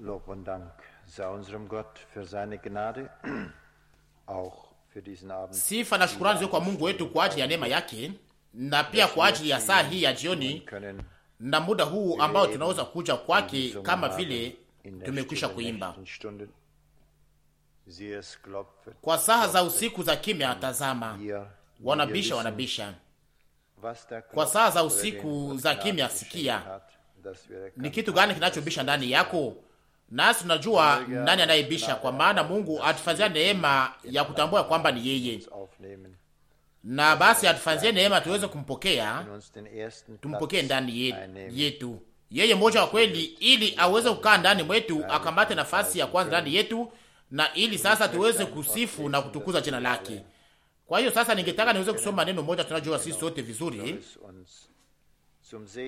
Lob und Dank sei unserem Gott für seine Gnade, auch für diesen Abend. Sifa na shukurani ziwe kwa Mungu wetu kwa ajili ya neema yake na pia kwa ajili ya saa hii ya jioni na muda huu ambao tunaweza kuja kwake kama vile tumekwisha kuimba kwa saha za usiku za kimya. Tazama, wanabisha wanabisha kwa saha za usiku za kimya. Sikia, ni kitu gani kinachobisha ndani yako? nasi tunajua oh nani anayebisha, kwa maana Mungu atufanzia neema ya kutambua kwamba ni yeye, na basi atufanzie neema tuweze kumpokea, tumpokee ndani yetu yeye mmoja wa kweli, ili aweze kukaa ndani mwetu, akamate nafasi ya kwanza ndani yetu, na ili sasa tuweze kusifu na kutukuza jina lake. Kwa hiyo sasa, ningetaka niweze kusoma neno moja tunajua sisi sote vizuri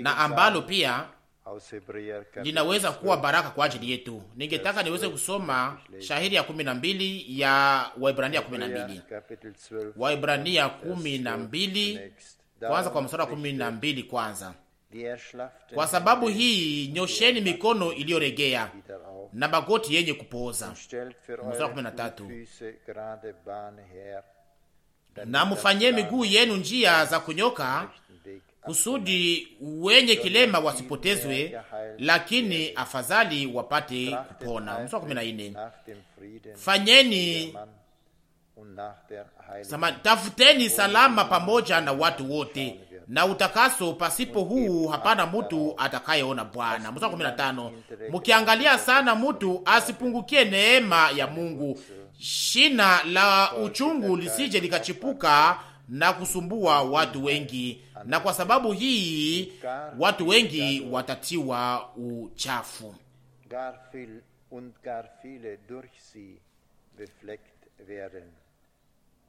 na ambalo pia linaweza kuwa baraka kwa ajili yetu. Ningetaka niweze kusoma shahiri ya kumi na mbili ya Waibrania kumi na mbili Waibrania kumi na mbili kwanza kwa mstari wa kumi na mbili kwanza kwa sababu hii nyosheni mikono iliyoregea na magoti yenye kupooza. Mstari wa kumi na tatu miguu yenu njia za kunyoka kusudi wenye kilema wasipotezwe, lakini afadhali wapate kupona. kumi na nne. Fanyeni Sama, tafuteni salama pamoja na watu wote na utakaso, pasipo huu hapana mutu atakayeona Bwana. Mstari kumi na tano, sana mutu asipungukie neema ya Mungu, shina la uchungu lisije likachipuka na kusumbua watu wengi na kwa sababu hii watu wengi watatiwa uchafu.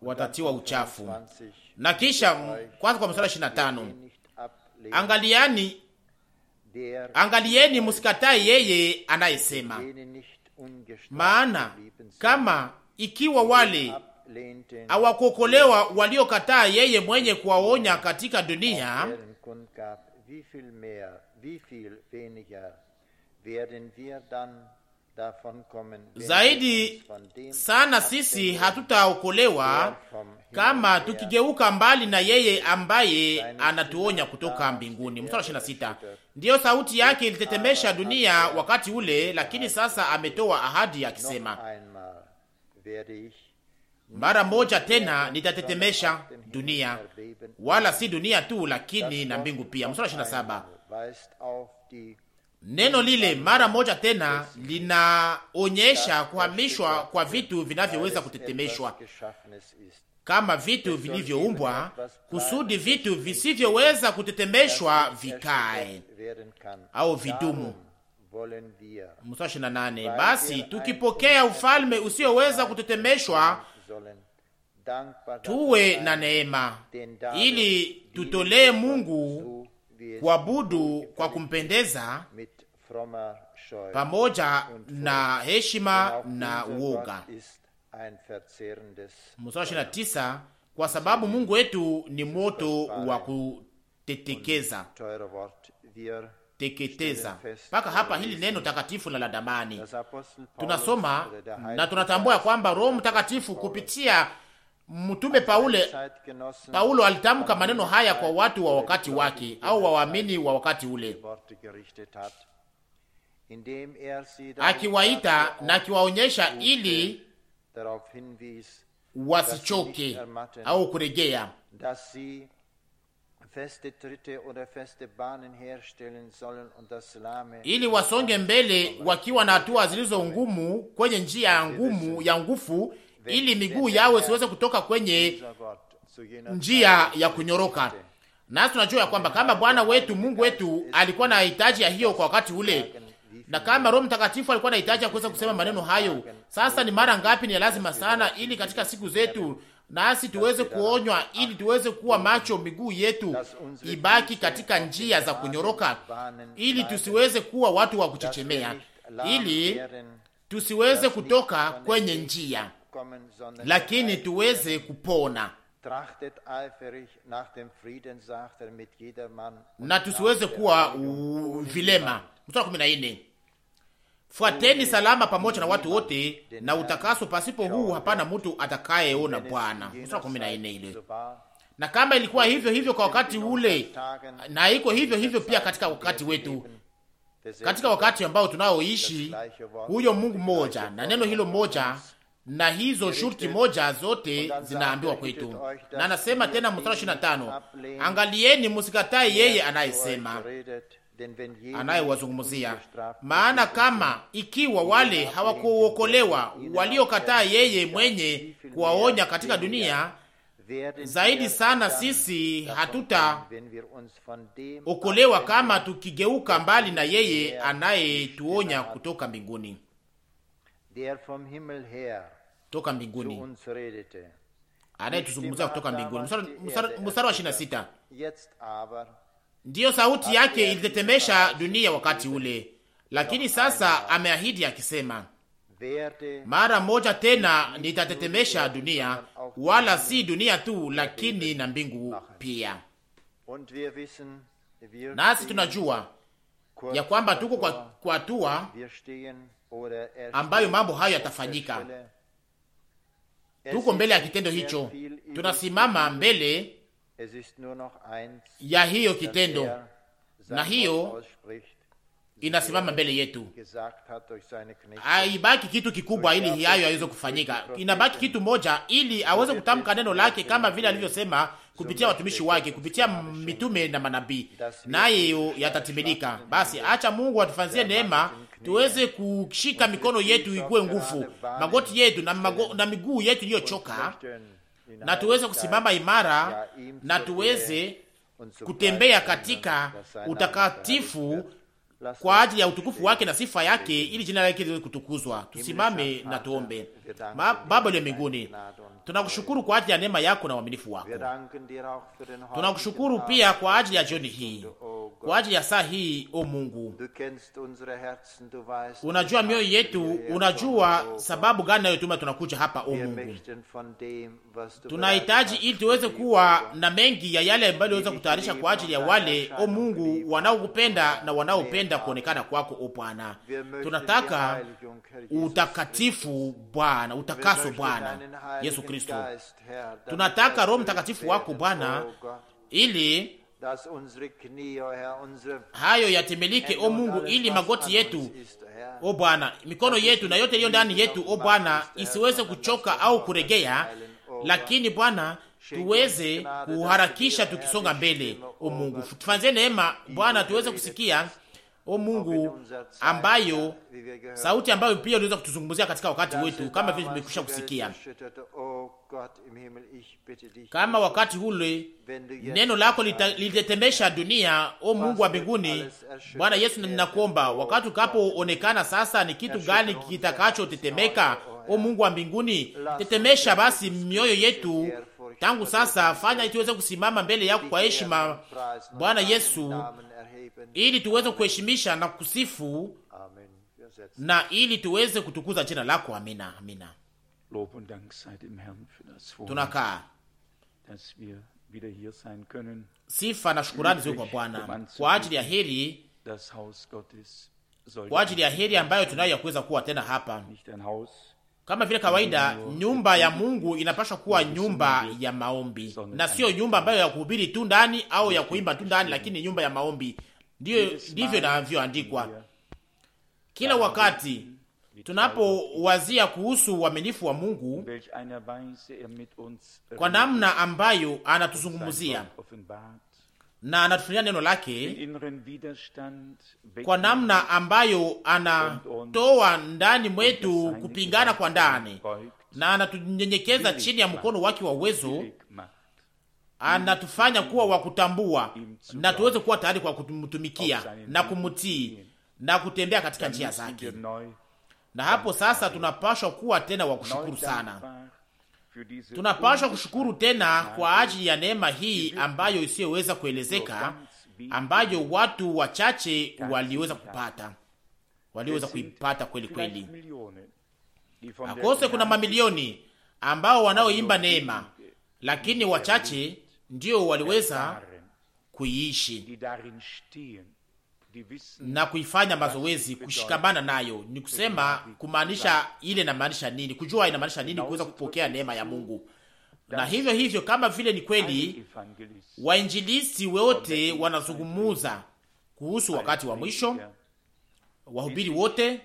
Watatiwa uchafu. Na kisha kwanza, kwa mstari ishirini na tano angaliani, angalieni musikatai yeye anayesema, maana kama ikiwa wale awakuokolewa waliokataa yeye mwenye kuwaonya katika dunia zaidi sana sisi hatutaokolewa kama tukigeuka mbali na yeye ambaye anatuonya kutoka mbinguni. Mstari ishirini na sita. Ndiyo sauti yake ilitetemesha dunia wakati ule, lakini sasa ametoa ahadi akisema mara moja tena nitatetemesha dunia, wala si dunia tu, lakini na mbingu pia. Mstari ishirini na saba. Neno lile mara moja tena linaonyesha kuhamishwa kwa vitu vinavyoweza kutetemeshwa kama vitu vilivyoumbwa kusudi vitu visivyoweza kutetemeshwa vikae au vidumu. Mstari ishirini na nane. Basi tukipokea ufalme usioweza kutetemeshwa tuwe na neema ili tutolee Mungu kuabudu kwa kumpendeza pamoja na heshima na uoga. tisa, kwa sababu Mungu wetu ni moto wa kutetekeza kuteketeza. Mpaka hapa hili neno takatifu na la damani tunasoma na tunatambua kwamba Roho Mtakatifu kupitia mtume Paule, Paulo alitamka maneno haya kwa watu wa wakati wake au waamini wa wakati ule, akiwaita na akiwaonyesha ili wasichoke au kuregea feste Tritte oder feste Bahnen herstellen sollen und das lahme, ili wasonge mbele wakiwa na hatua zilizo ngumu kwenye njia ya ngumu ya ngufu, ili miguu yawe siweze kutoka kwenye njia ya kunyoroka. Nasi tunajua ya kwamba kama Bwana wetu Mungu wetu alikuwa na hitaji ya hiyo kwa wakati ule, na kama Roho Mtakatifu alikuwa na hitaji ya kuweza kusema maneno hayo, sasa ni mara ngapi ni lazima sana, ili katika siku zetu nasi tuweze kuonywa, ili ah. tuweze kuwa mm. macho, miguu yetu ibaki katika njia za kunyoroka, ili tusiweze kuwa watu wa kuchechemea, ili tusiweze kutoka kwenye njia, lakini tuweze kupona er, na tusiweze kuwa vilema. Mstari kumi na nne Fuateni salama pamoja na watu wote na utakaso, pasipo huu hapana mtu atakayeona Bwana. na ile. Na kama ilikuwa hivyo hivyo kwa wakati ule, na iko hivyo hivyo pia katika wakati wetu, katika wakati ambao tunaoishi, huyo Mungu mmoja na neno hilo moja na hizo shurti moja zote zinaambiwa kwetu, na anasema tena mstari 25, angalieni musikatai yeye anayesema anayewazungumzia. Maana kama ikiwa wale hawakuokolewa waliokataa yeye mwenye kuwaonya katika dunia, zaidi sana sisi hatutaokolewa kama tukigeuka mbali na yeye anayetuonya kutoka mbinguni, toka mbinguni anayetuzungumzia kutoka mbinguni. Mstari wa ishirini na sita. Ndiyo sauti yake ilitetemesha dunia wakati ule, lakini sasa ameahidi akisema, mara moja tena nitatetemesha dunia, wala si dunia tu, lakini na mbingu pia. Nasi tunajua ya kwamba tuko kwa hatua er ambayo mambo hayo yatafanyika. Tuko mbele ya kitendo hicho, tunasimama mbele ya hiyo kitendo, er na hiyo inasimama er mbele yetu. Haibaki kitu kikubwa ili er hayo aweze kufanyika, inabaki kitu moja ili aweze kutamka neno lake kama vile alivyosema kupitia watumishi wake, kupitia mitume na manabii, nayo yatatimilika. Basi acha Mungu atufanzie neema tuweze kushika mikono yetu ikuwe nguvu, magoti yetu na, na miguu yetu iliyochoka na tuweze kusimama imara na tuweze kutembea katika utakatifu kwa ajili ya utukufu wake na sifa yake, ili jina lake liwe kutukuzwa. Tusimame na tuombe. Baba uliye mbinguni, tunakushukuru kwa ajili ya neema yako na uaminifu wako. Tunakushukuru pia kwa ajili ya jioni hii, kwa ajili ya saa hii. O Mungu, unajua mioyo yetu, unajua sababu gani nayotuma tunakuja hapa. O Mungu, tunahitaji ili tuweze kuwa na mengi ya yale ambayo uliweza kutayarisha kwa ajili ya wale, o Mungu, wanaokupenda na wanaopenda tunapenda kuonekana kwako, o Bwana. Tunataka utakatifu Bwana, utakaso Bwana Yesu Kristo. Tunataka Roho Mtakatifu wako Bwana, ili hayo yatemelike, o Mungu, ili magoti yetu o Bwana, mikono yetu na yote iliyo ndani yetu o Bwana, isiweze kuchoka au kuregea, lakini Bwana tuweze kuharakisha tukisonga mbele. O Mungu, tufanzie neema Bwana, tuweze kusikia o Mungu, ambayo sauti ambayo pia uliweza kutuzungumzia katika wakati wetu, kama vile tumekwisha kusikia, oh kama wakati ule neno lako lilitetembesha dunia. O Mungu wa mbinguni, Bwana Yesu, er ninakuomba wakati ukapoonekana sasa, ni kitu gani kitakachotetemeka? O Mungu wa mbinguni, tetemesha basi mioyo yetu tangu sasa, fanya tuweze kusimama mbele yako kwa heshima, Bwana Yesu ili tuweze kuheshimisha na kusifu na ili tuweze kutukuza jina lako. Amina, amina. Tunakaa sifa na shukurani ziwe kwa Bwana kwa ajili ya heri, kwa ajili ya heri ambayo tunayo ya kuweza kuwa tena hapa. Kama vile kawaida, nyumba ya Mungu inapaswa kuwa nyumba ya maombi na siyo nyumba ambayo ya kuhubiri tu ndani au ya kuimba tu ndani, lakini nyumba ya maombi Ndiyo, ndivyo inavyoandikwa. Kila wakati tunapowazia kuhusu uaminifu wa Mungu, uh, kwa namna ambayo anatuzungumzia na anatufunia neno lake, kwa namna ambayo anatoa ndani mwetu kupingana kwa ndani, na anatunyenyekeza chini ya mkono wake wa uwezo anatufanya kuwa wa kutambua na tuweze kuwa tayari kwa kumtumikia na kumtii na kutembea katika njia zake. Na hapo sasa tunapashwa kuwa tena wa kushukuru sana, tunapashwa kushukuru tena kwa ajili ya neema hii ambayo isiyoweza kuelezeka, ambayo watu wachache waliweza kupata, waliweza kuipata kweli kweli. Akose kuna mamilioni ambao wanaoimba neema, lakini wachache ndio waliweza kuiishi na kuifanya mazoezi, kushikamana nayo. Ni kusema kumaanisha ile inamaanisha nini, kujua inamaanisha nini, kuweza kupokea neema ya Mungu. Na hivyo hivyo, kama vile ni kweli wainjilisti wote wanazungumuza kuhusu wakati wa mwisho, wahubiri wote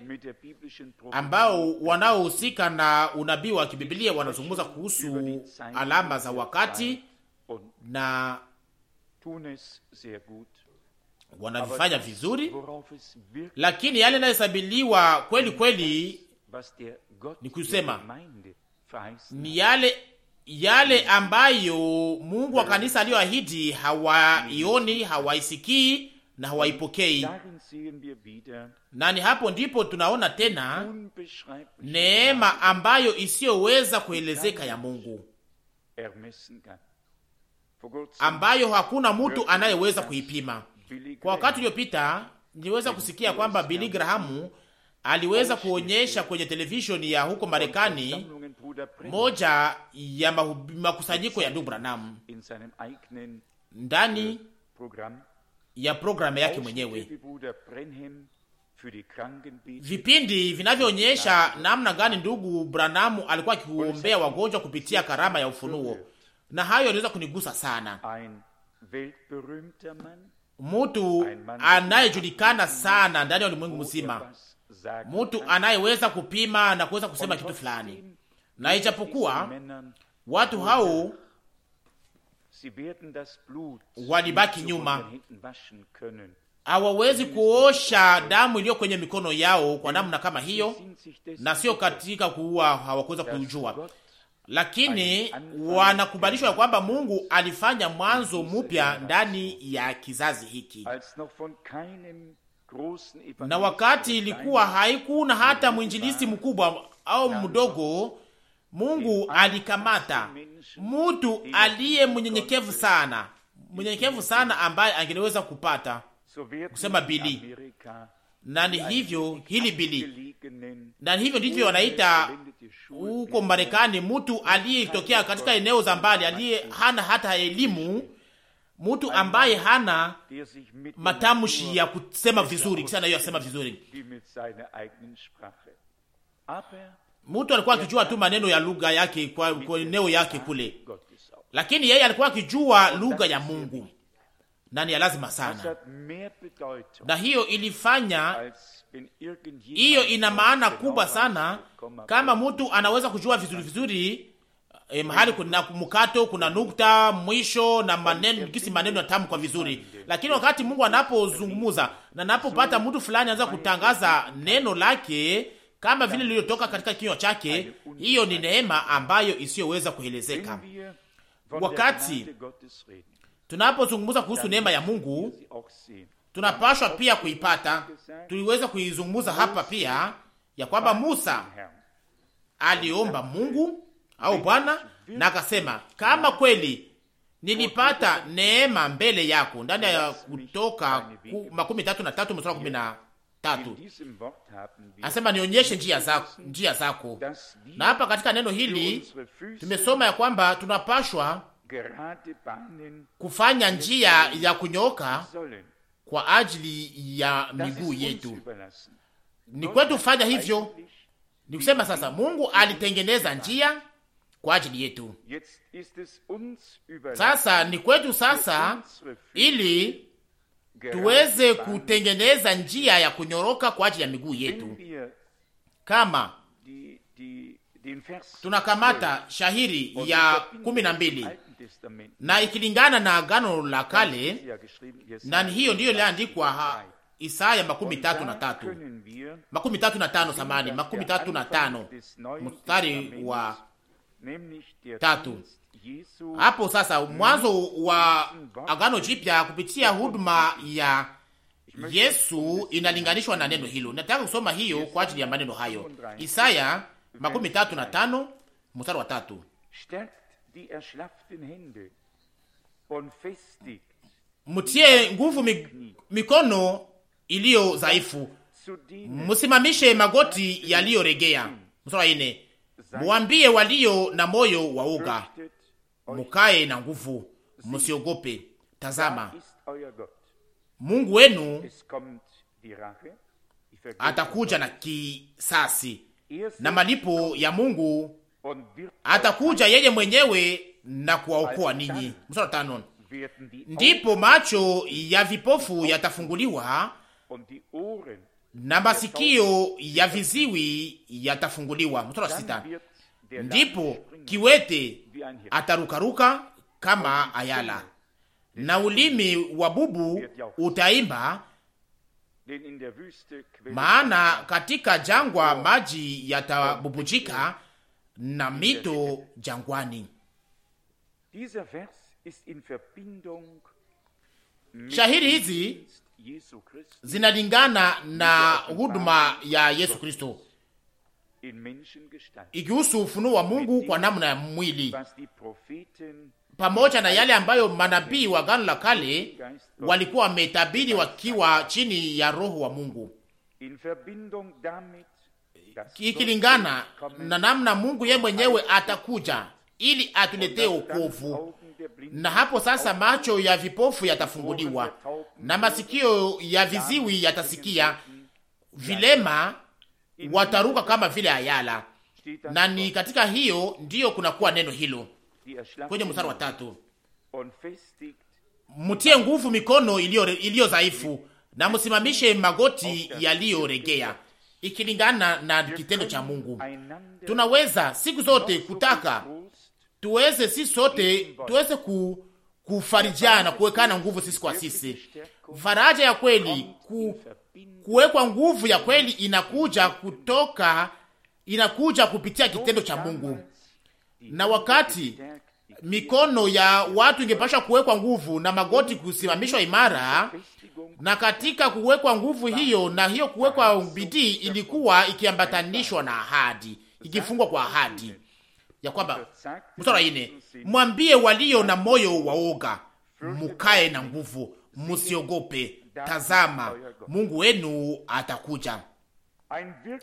ambao wanaohusika na unabii wa kibibilia wanazungumuza kuhusu alama za wakati na wanavifanya vizuri, lakini yale inayohesabiliwa kweli kweli ni kusema ni yale yale ambayo Mungu wa kanisa aliyoahidi hawaioni, hawaisikii na hawaipokei. Na ni hapo ndipo tunaona tena neema ambayo isiyoweza kuelezeka ya Mungu ambayo hakuna mtu anayeweza kuipima. Kwa wakati uliopita niliweza kusikia kwamba Billy Graham aliweza kuonyesha kwenye televisheni ya huko Marekani moja ya makusanyiko ya ndugu Branham ndani eh, ya programu yake mwenyewe, vipindi vinavyoonyesha namna gani ndugu Branham alikuwa akiombea wagonjwa kupitia karama ya ufunuo na hayo yanaweza kunigusa sana. Mtu anayejulikana sana ndani ya ulimwengu mzima, mtu anayeweza kupima na kuweza kusema kitu fulani, na ijapokuwa watu hao äh, walibaki nyuma, hawawezi kuosha damu iliyo kwenye mikono yao kwa namna kama hiyo, na sio katika kuua, hawakuweza kujua lakini wanakubalishwa ya kwamba Mungu alifanya mwanzo mpya ndani ya kizazi hiki, na wakati ilikuwa haikuna hata mwinjilisti mkubwa au mdogo, Mungu alikamata mtu aliye mnyenyekevu sana, mnyenyekevu sana, ambaye angeweza kupata kusema bili na ni hivyo hili bili, na hivyo ndivyo wanaita huko Marekani, mtu aliyetokea katika eneo za mbali, aliye hana hata elimu, mtu ambaye hana matamshi ya kusema vizuri, kisha nayo asema vizuri. Mtu alikuwa akijua tu maneno ya lugha yake kwa, kwa eneo yake kule, lakini yeye alikuwa akijua lugha ya Mungu na ni ya lazima sana, na hiyo ilifanya hiyo ina maana kubwa sana, kama mtu anaweza kujua vizuri vizuri eh, mahali kuna mkato, kuna nukta mwisho na maneno, kisi maneno kwa vizuri. Lakini wakati Mungu anapozungumza na anapopata mtu fulani anaweza kutangaza neno lake kama vile lililotoka katika kinywa chake, hiyo ni neema ambayo isiyoweza kuelezeka. Uh, wakati tunapozungumza kuhusu neema ya Mungu, tunapashwa pia kuipata. Tuliweza kuizungumza hapa pia ya kwamba Musa aliomba Mungu au Bwana na akasema, kama kweli nilipata neema mbele yako, ndani ya Kutoka makumi tatu na tatu mstari kumi na tatu asema nionyeshe njia zako, njia zako. Na hapa katika neno hili tumesoma ya kwamba tunapashwa kufanya njia ya kunyoka kwa ajili ya miguu yetu. Ni kwetu fanya hivyo, ni kusema sasa Mungu alitengeneza njia kwa ajili yetu, sasa ni kwetu sasa, ili tuweze kutengeneza njia ya kunyoroka kwa ajili ya miguu yetu. Kama tunakamata shahiri ya kumi na mbili na ikilingana na agano la kale, na hiyo ndiyo iliyoandikwa Isaya makumi tatu na tatu makumi tatu na tano samani makumi tatu na tano mstari wa tatu. Hapo sasa mwanzo wa agano jipya kupitia huduma ya Yesu inalinganishwa na neno hilo. Nataka kusoma hiyo kwa ajili ya maneno hayo, Isaya makumi tatu na tano mstari wa tatu. Mtie nguvu mikono iliyo dhaifu, msimamishe magoti yaliyoregea. Mstari wa muambie walio na moyo wa uga, mukae na nguvu, musiogope. Tazama, Mungu wenu atakuja na kisasi na malipo ya Mungu atakuja yeye mwenyewe na kuwaokoa ninyi. Mstari tano, ndipo macho ya vipofu yatafunguliwa na masikio ya viziwi yatafunguliwa. Mstari sita, ndipo kiwete atarukaruka kama ayala na ulimi wa bubu utaimba, maana katika jangwa maji yatabubujika na mito jangwani. Shahiri hizi zinalingana na huduma ya Yesu Kristo ikihusu ufunuo wa Mungu kwa namna ya mwili pamoja na yale ambayo manabii wa Agano la Kale walikuwa wametabiri wakiwa chini ya Roho wa Mungu ikilingana na namna Mungu yeye mwenyewe atakuja ili atuletee wokovu. Na hapo sasa macho ya vipofu yatafunguliwa na masikio ya viziwi yatasikia, vilema wataruka kama vile ayala. Na ni katika hiyo ndiyo kunakuwa neno hilo kwenye mstari wa tatu, mtie nguvu mikono iliyo dhaifu na msimamishe magoti yaliyoregea ikilingana na kitendo cha Mungu. Tunaweza siku zote kutaka tuweze si sote tuweze ku, kufarijiana kuwekana nguvu sisi kwa sisi. Faraja ya kweli ku, kuwekwa nguvu ya kweli inakuja kutoka inakuja kupitia kitendo cha Mungu, na wakati mikono ya watu ingepasha kuwekwa nguvu na magoti kusimamishwa imara, na katika kuwekwa nguvu hiyo na hiyo kuwekwa bidii ilikuwa ikiambatanishwa na ahadi, ikifungwa kwa ahadi ya kwamba, mstari ine, mwambie walio na moyo wa oga mukae na nguvu, musiogope. Tazama, Mungu wenu atakuja,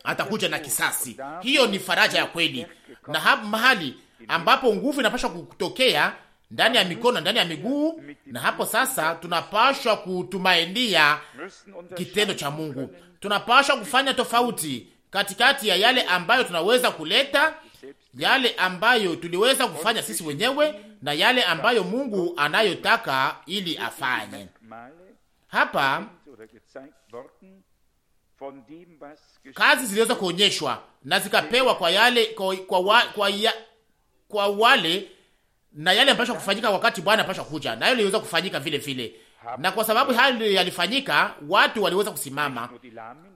atakuja na kisasi. Hiyo ni faraja ya kweli, na hapa mahali ambapo nguvu inapashwa kutokea ndani ya mikono, ndani ya miguu, na hapo sasa tunapashwa kutumainia kitendo cha Mungu. Tunapashwa kufanya tofauti katikati ya yale ambayo tunaweza kuleta, yale ambayo tuliweza kufanya sisi wenyewe, na yale ambayo Mungu anayotaka ili afanye hapa kazi ziliweza kuonyeshwa na zikapewa kwa yale kwa, kwa, kwa, kwa, kwa wale na yale yanapaswa kufanyika wakati Bwana anapaswa kuja, na yale yaliweza kufanyika vile vile, na kwa sababu hali yalifanyika, watu waliweza kusimama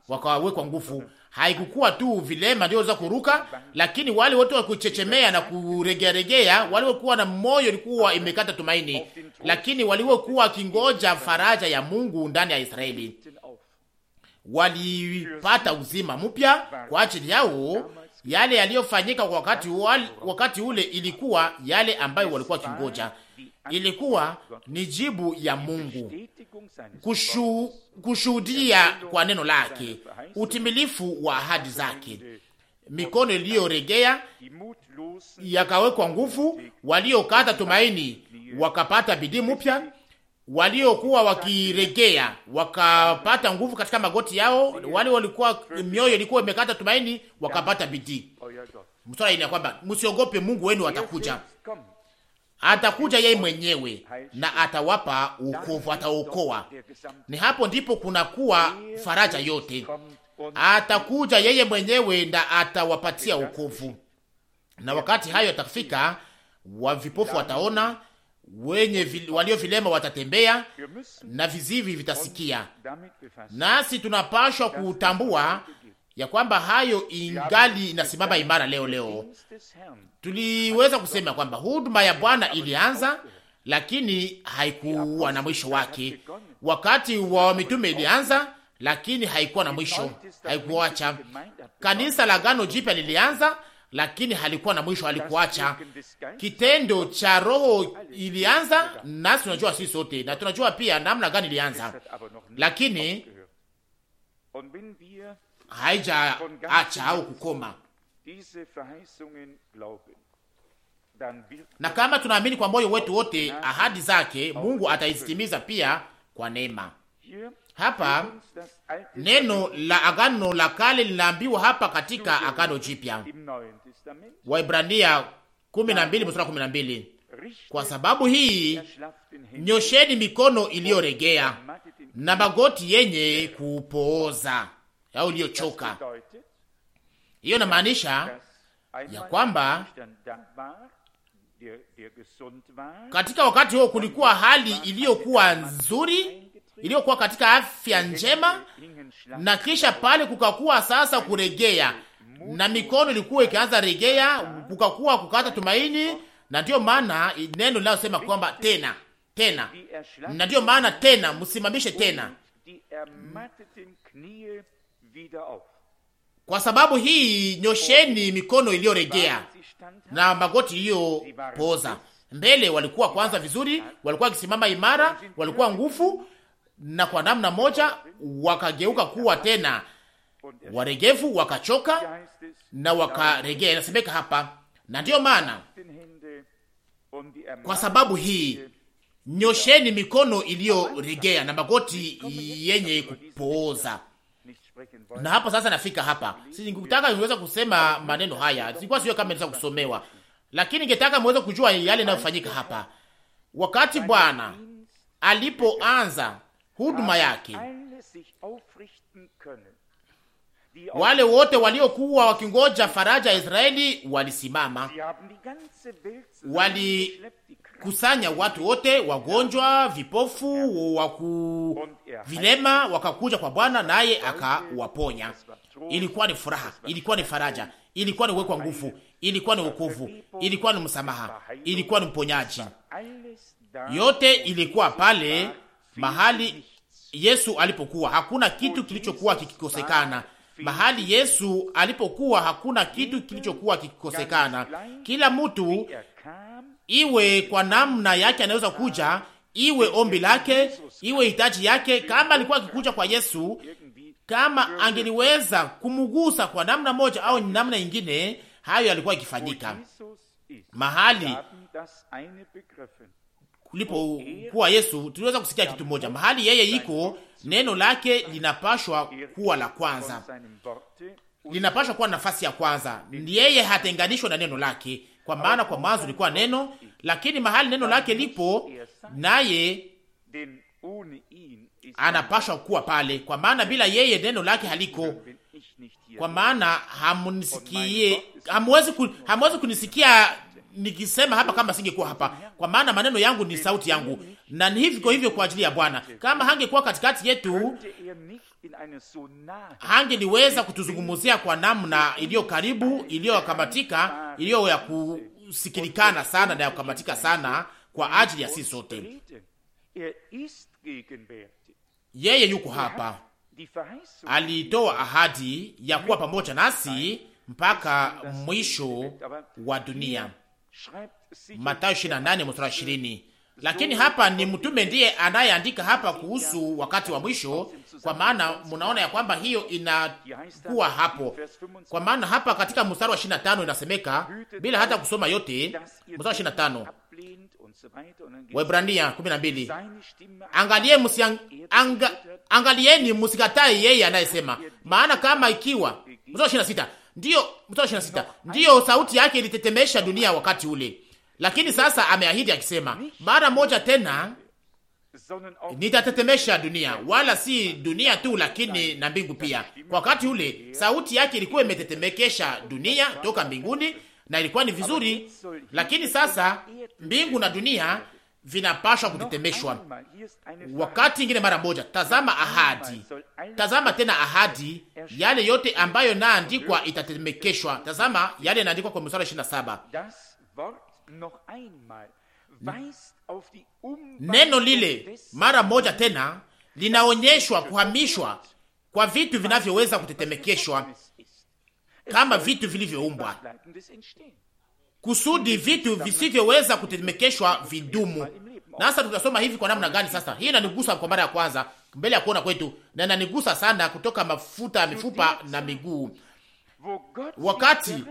wakawekwa nguvu. Haikukuwa tu vilema ndio walioweza kuruka, lakini wale wote wa kuchechemea na kuregearegea, walikuwa na moyo ilikuwa imekata tumaini, lakini waliokuwa kingoja faraja ya Mungu ndani ya Israeli walipata uzima mpya kwa ajili yao yale yaliyofanyika kwa wakati, wakati ule ilikuwa yale ambayo walikuwa kingoja, ilikuwa ni jibu ya Mungu kushu, kushuhudia kwa neno lake utimilifu wa ahadi zake. Mikono iliyoregea yakawekwa nguvu, waliokata tumaini wakapata bidii mpya waliokuwa wakiregea wakapata nguvu katika magoti yao, wale walikuwa mioyo ilikuwa imekata tumaini wakapata bidii. Mstari ina kwamba msiogope, Mungu wenu atakuja, atakuja yeye mwenyewe na atawapa ukovu ataokoa. Ni hapo ndipo kunakuwa faraja yote. Atakuja yeye mwenyewe na atawapatia ukovu na wakati hayo atafika, wavipofu wataona wenye walio vilema watatembea na vizivi vitasikia. Nasi tunapashwa kutambua ya kwamba hayo ingali inasimama imara leo leo. Tuliweza kusema kwamba huduma ya Bwana ilianza, lakini haikuwa na mwisho wake. Wakati wa mitume ilianza, lakini haikuwa na mwisho, haikuacha. Kanisa la gano Jipya lilianza lakini halikuwa na mwisho, alikuacha. Kitendo cha Roho ilianza nasi, tunajua sisi sote, na tunajua pia namna gani ilianza, lakini haijaacha au kukoma. Na kama tunaamini kwa moyo wetu wote ahadi zake, Mungu ataizitimiza pia kwa neema. Hapa neno la agano la kale linaambiwa hapa katika agano jipya Waibrania 12 kwa sababu hii nyosheni mikono iliyoregea na magoti yenye kupooza au iliyochoka. Hiyo inamaanisha ya kwamba katika wakati huo kulikuwa hali iliyokuwa nzuri, iliyokuwa katika afya njema, na kisha pale kukakuwa sasa kuregea na mikono ilikuwa ikianza regea, kukakuwa kukata tumaini, na ndiyo maana neno linayosema kwamba tena tena, na ndiyo maana tena, msimamishe tena, kwa sababu hii nyosheni mikono iliyoregea na magoti iliyopooza. Mbele walikuwa kwanza vizuri, walikuwa wakisimama imara, walikuwa nguvu, na kwa namna moja wakageuka kuwa tena waregevu wakachoka na wakaregea. Inasemeka hapa, na ndiyo maana kwa sababu hii nyosheni mikono iliyoregea na magoti yenye kupooza. Na hapa sasa nafika hapa, sikutaka niweza kusema maneno haya, sikuwa sio kama niweza kusomewa, lakini ningetaka muweze kujua yale yanayofanyika hapa. Wakati Bwana alipoanza huduma yake, wale wote waliokuwa wakingoja faraja ya Israeli walisimama, walikusanya watu wote, wagonjwa, vipofu, waku vilema, wakakuja kwa Bwana naye akawaponya. Ilikuwa ni furaha, ilikuwa ni faraja, ilikuwa ni uwekwa nguvu, ilikuwa ni wokovu, ilikuwa ni msamaha, ilikuwa ni mponyaji. Yote ilikuwa pale mahali Yesu alipokuwa, hakuna kitu oh, kilichokuwa kikikosekana mahali Yesu alipokuwa hakuna kitu kilichokuwa kikikosekana. Kila mtu iwe kwa namna yake anaweza kuja, iwe ombi lake, iwe hitaji yake. Kama alikuwa akikuja kwa Yesu, kama angeliweza kumugusa kwa namna moja au namna ingine, hayo yalikuwa ikifanyika mahali kulipokuwa er Yesu. Tuliweza kusikia kitu moja mahali yeye iko neno lake linapashwa kuwa la kwanza, linapashwa kuwa nafasi ya kwanza. Yeye hatenganishwa na neno lake, kwa maana kwa mwanzo lilikuwa neno, lakini mahali neno lake lipo, naye anapashwa kuwa pale, kwa maana bila yeye neno lake haliko. Kwa maana hamunisikie, hamwezi ku, hamwezi kunisikia nikisema hapa kama singekuwa hapa, kwa maana maneno yangu ni sauti yangu, na ni hivyo hivyo kwa ajili ya Bwana. Kama hangekuwa katikati yetu, hangeliweza kutuzungumzia kwa namna iliyo karibu, iliyokamatika, iliyo ya kusikilikana sana na ya kukamatika sana kwa ajili ya sisi sote. Yeye yuko hapa, alitoa ahadi ya kuwa pamoja nasi mpaka mwisho wa dunia. Mathayo 28 mstari 20. Lakini hapa ni mtume ndiye anayeandika hapa kuhusu wakati wa mwisho, kwa maana mnaona ya kwamba hiyo inakuwa hapo. Kwa maana hapa katika mstari wa 25 inasemeka bila hata kusoma yote, mstari wa 25 Waebrania 12, angalie msiang, anga, angalieni musikatai yeye anayesema, maana kama ikiwa mstari wa 26 ndio mstari wa sita Ndiyo sauti yake ilitetemesha dunia wakati ule. Lakini sasa ameahidi akisema, mara moja tena nitatetemesha dunia, wala si dunia tu, lakini na mbingu pia. Kwa wakati ule sauti yake ilikuwa imetetemekesha dunia toka mbinguni, na ilikuwa ni vizuri, lakini sasa mbingu na dunia vinapashwa kutetemeshwa wakati ingine mara moja. Tazama ahadi, tazama tena ahadi, yale yote ambayo naandikwa itatetemekeshwa. Tazama yale yanaandikwa kwa mstari 27 neno lile mara moja tena linaonyeshwa kuhamishwa kwa vitu vinavyoweza kutetemekeshwa kama vitu vilivyoumbwa kusudi vitu visivyoweza kutemekeshwa vidumu. Na sasa tutasoma hivi kwa namna gani? Sasa hii inanigusa kwa mara ya kwanza mbele ya kuona kwetu, na inanigusa sana kutoka mafuta ya mifupa na miguu, wakati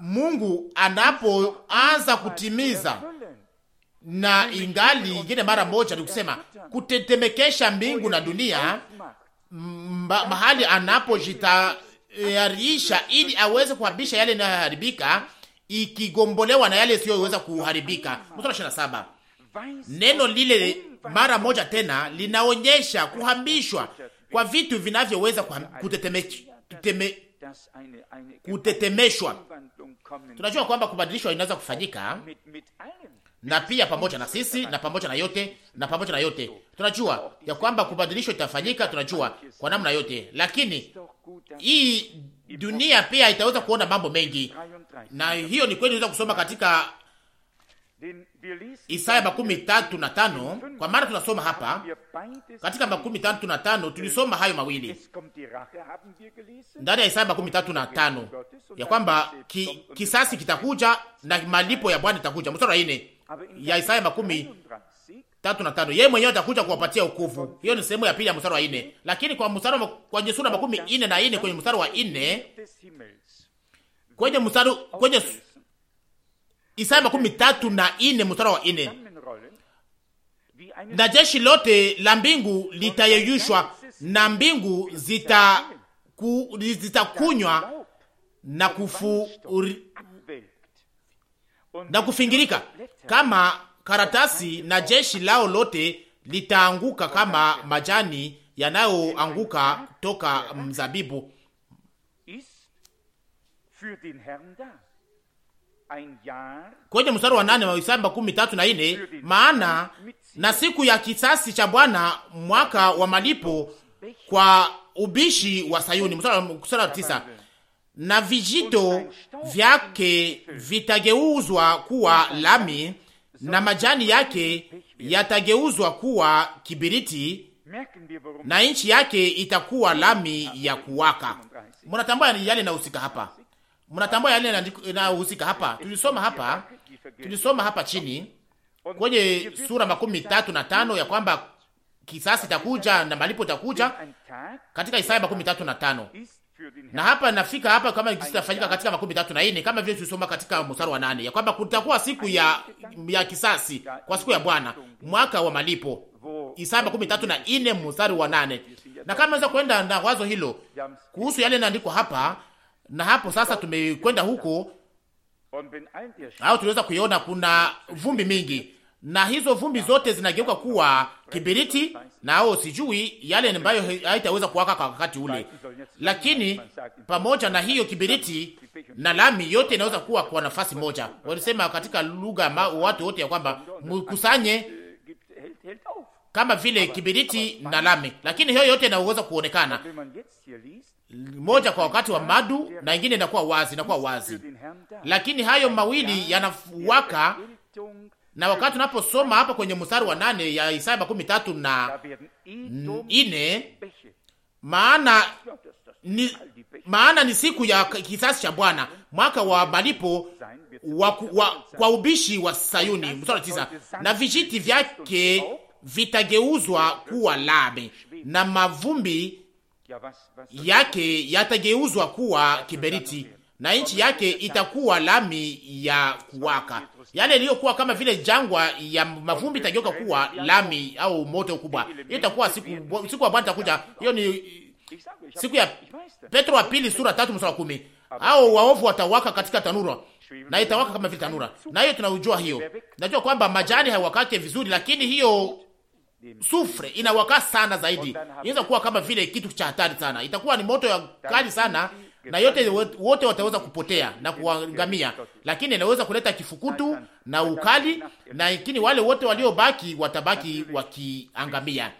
Mungu anapoanza kutimiza na ingali ingine mara moja ni kusema kutetemekesha mbingu na dunia mba, mahali anapojitayarisha ili aweze kuhabisha yale yanayoharibika ikigombolewa na yale isiyoweza kuharibika. Mstari ishirini na saba neno lile mara moja tena linaonyesha kuhambishwa kwa vitu vinavyoweza kutetemeshwa. Tunajua kwamba kubadilishwa inaweza kufanyika na pia pamoja na sisi na pamoja na yote na pamoja na yote, tunajua ya kwamba kubadilishwa itafanyika, tunajua kwa namna yote, lakini hii dunia pia itaweza kuona mambo mengi na hiyo ni kweli. Unaweza kusoma katika Isaya makumi tatu na tano kwa maana tunasoma hapa katika makumi tatu na tano tulisoma hayo mawili ndani ya Isaya makumi tatu na tano ya kwamba ki, kisasi kitakuja na malipo ya Bwana itakuja. Mstari wa ine ya Isaya makumi tatu na tano yeye mwenyewe atakuja kuwapatia ukuvu. Hiyo ni sehemu ya pili ya mstari wa ine, lakini kwa mstari kwa sura makumi ine na ine kwenye mstari wa ine kwenye mstari kwenye Isaya makumi tatu na ine mstari wa ine na jeshi lote la mbingu litayeyushwa na mbingu zitakunywa ku, zita na kufu na kufingirika kama karatasi, na jeshi lao lote litaanguka kama majani yanayoanguka toka mzabibu, kwenye mstari wa nane wa Isaya makumi tatu na ine maana na siku ya kisasi cha Bwana, mwaka wa malipo kwa ubishi wa Sayuni. Mstari wa tisa na vijito vyake vitageuzwa kuwa lami na majani yake yatageuzwa kuwa kibiriti na nchi yake itakuwa lami ya kuwaka. Mnatambua yale nahusika hapa Mnatambua yale inahusika hapa. Tulisoma hapa, tulisoma hapa chini kwenye sura makumi tatu na tano ya kwamba kisasi itakuja na malipo itakuja katika Isaya makumi tatu na tano na hapa nafika hapa kama kitafanyika katika makumi tatu na nne kama vile tulisoma katika mstari wa nane ya kwamba kutakuwa siku ya ya kisasi kwa siku ya Bwana, mwaka wa malipo. Isaya makumi tatu na nne mstari wa nane na kama naweza kuenda na wazo hilo kuhusu yale inaandikwa hapa na hapo sasa tumekwenda huko au tunaweza kuiona kuna vumbi mingi, na hizo vumbi zote zinageuka kuwa kibiriti, nao sijui yale ambayo haitaweza kuwaka kwa wakati ule. Lakini pamoja na hiyo kibiriti na lami yote inaweza kuwa kwa nafasi moja. Walisema katika lugha watu wote ya kwamba mkusanye kama vile kibiriti na lami, lakini hiyo yote inaweza kuonekana moja kwa wakati wa madu na ingine inakuwa wazi, inakuwa wazi, lakini hayo mawili yanawaka. Na wakati tunaposoma hapa kwenye mstari wa nane ya Isaya makumi tatu na nne maana ni, maana ni siku ya kisasi cha Bwana, mwaka wa malipo wa, wa, kwa ubishi wa Sayuni. Mstari tisa, na vijiti vyake vitageuzwa kuwa lame na mavumbi yake yatageuzwa kuwa kiberiti na nchi yake itakuwa lami ya kuwaka. Yale iliyokuwa kama vile jangwa ya mavumbi itageuka kuwa lami au moto kubwa. Hiyo itakuwa siku siku ya Bwana itakuja. Hiyo ni siku ya Petro wa pili sura tatu mstari wa kumi. Hao waovu watawaka katika tanura na itawaka kama vile tanura, na hiyo tunaujua hiyo. Najua kwamba majani haiwakake vizuri, lakini hiyo sufre inawaka sana zaidi, inaweza kuwa kama vile kitu cha hatari sana, itakuwa ni moto ya kali sana, na yote wote wataweza kupotea na kuangamia, lakini inaweza kuleta kifukutu na ukali, na lakini wale wote waliobaki watabaki wakiangamia.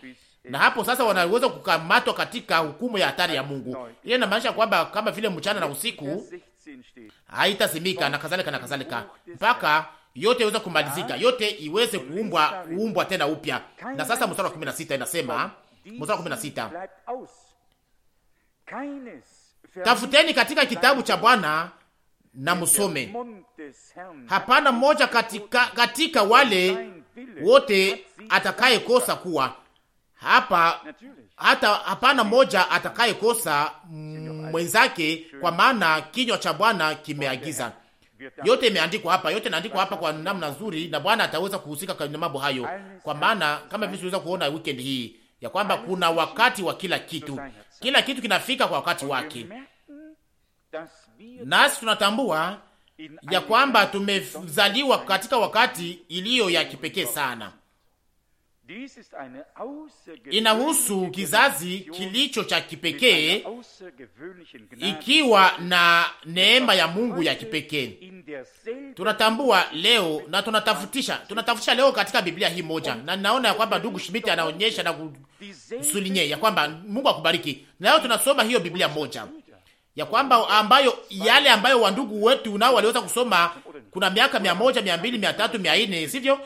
Na hapo sasa wanaweza kukamatwa katika hukumu ya hatari ya Mungu. Hiyo inamaanisha kwamba kama vile mchana na usiku haitasimika na kadhalika na kadhalika mpaka yote iweze kumalizika, ah. yote iweze kuumbwa kuumbwa tena upya. Na sasa mstari wa 16 inasema, mstari wa 16, tafuteni katika kitabu cha Bwana na musome hapana mmoja katika, katika wale wote atakayekosa kuwa hapa hata hapana mmoja atakayekosa mwenzake, kwa maana kinywa cha Bwana kimeagiza. Yote imeandikwa hapa, yote inaandikwa hapa kwa namna nzuri, na Bwana ataweza kuhusika kwa mambo hayo, kwa maana kama vile tunaweza kuona weekend hii ya kwamba kuna wakati wa kila kitu, kila kitu kinafika kwa wakati wake, nasi tunatambua ya kwamba tumezaliwa katika wakati iliyo ya kipekee sana. Inahusu kizazi kilicho cha kipekee, ikiwa na neema ya Mungu ya kipekee. Tunatambua leo na tunatafutisha, tunatafutisha leo katika Biblia hii moja, na ninaona ya kwamba ndugu Schmidt anaonyesha na kusulinye ya kwamba Mungu akubariki. Na leo tunasoma hiyo Biblia moja ya kwamba ambayo yale ambayo wandugu wetu nao waliweza kusoma kuna miaka mia moja, mia mbili, mia tatu, mia nne, sivyo?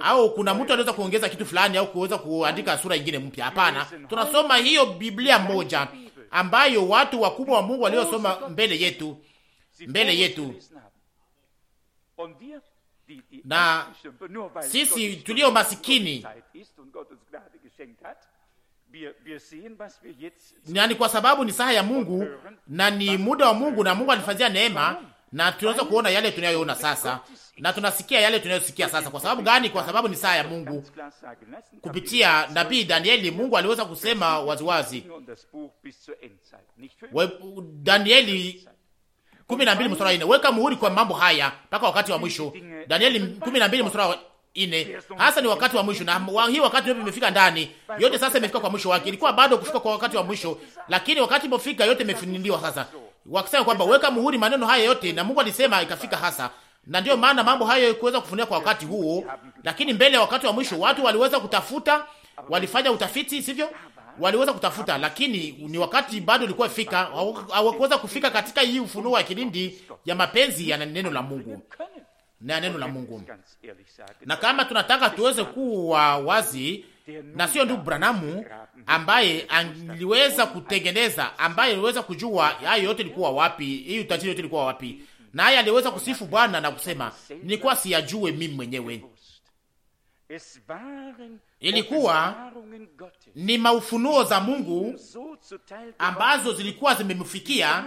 au kuna mtu anaweza kuongeza kitu fulani au kuweza kuandika sura ingine mpya. Hapana, tunasoma hiyo Biblia moja ambayo watu wakubwa wa Mungu waliosoma mbele yetu, mbele yetu, na sisi tulio masikini nani, kwa sababu ni saha ya Mungu na ni muda wa Mungu, na Mungu alifanyia neema na tunaweza kuona yale tunayoona sasa na tunasikia yale tunayosikia sasa. Kwa sababu gani? Kwa sababu ni saa ya Mungu. Kupitia nabii Danieli, Mungu aliweza kusema waziwazi We, Danieli kumi na mbili mstari wa nne weka muhuri kwa mambo haya mpaka wakati wa mwisho. Danieli kumi na mbili mstari wa nne Hasa ni wakati wa mwisho, na hii wakati yote imefika ndani, yote sasa imefika kwa mwisho wake. Ilikuwa bado kufika kwa wakati wa mwisho, lakini wakati ilipofika yote imefunuliwa sasa, wakisema kwamba weka muhuri maneno haya yote, na Mungu alisema ikafika hasa na ndiyo maana mambo hayo kuweza kufunika kwa wakati huo, lakini mbele ya wakati wa mwisho watu waliweza kutafuta, walifanya utafiti, sivyo? Waliweza kutafuta, lakini ni wakati bado ulikuwa fika, hawakuweza kufika katika hii ufunuo wa kilindi ya mapenzi ya neno la Mungu na neno la Mungu. Na kama tunataka tuweze kuwa wazi, na sio ndugu Branamu ambaye aliweza kutengeneza, ambaye aliweza kujua hayo yote ilikuwa wapi, hii utajiri yote ilikuwa wapi naye aliweza kusifu Bwana na kusema, nilikuwa siyajue mimi mwenyewe. Ilikuwa ni maufunuo za Mungu ambazo zilikuwa zimemfikia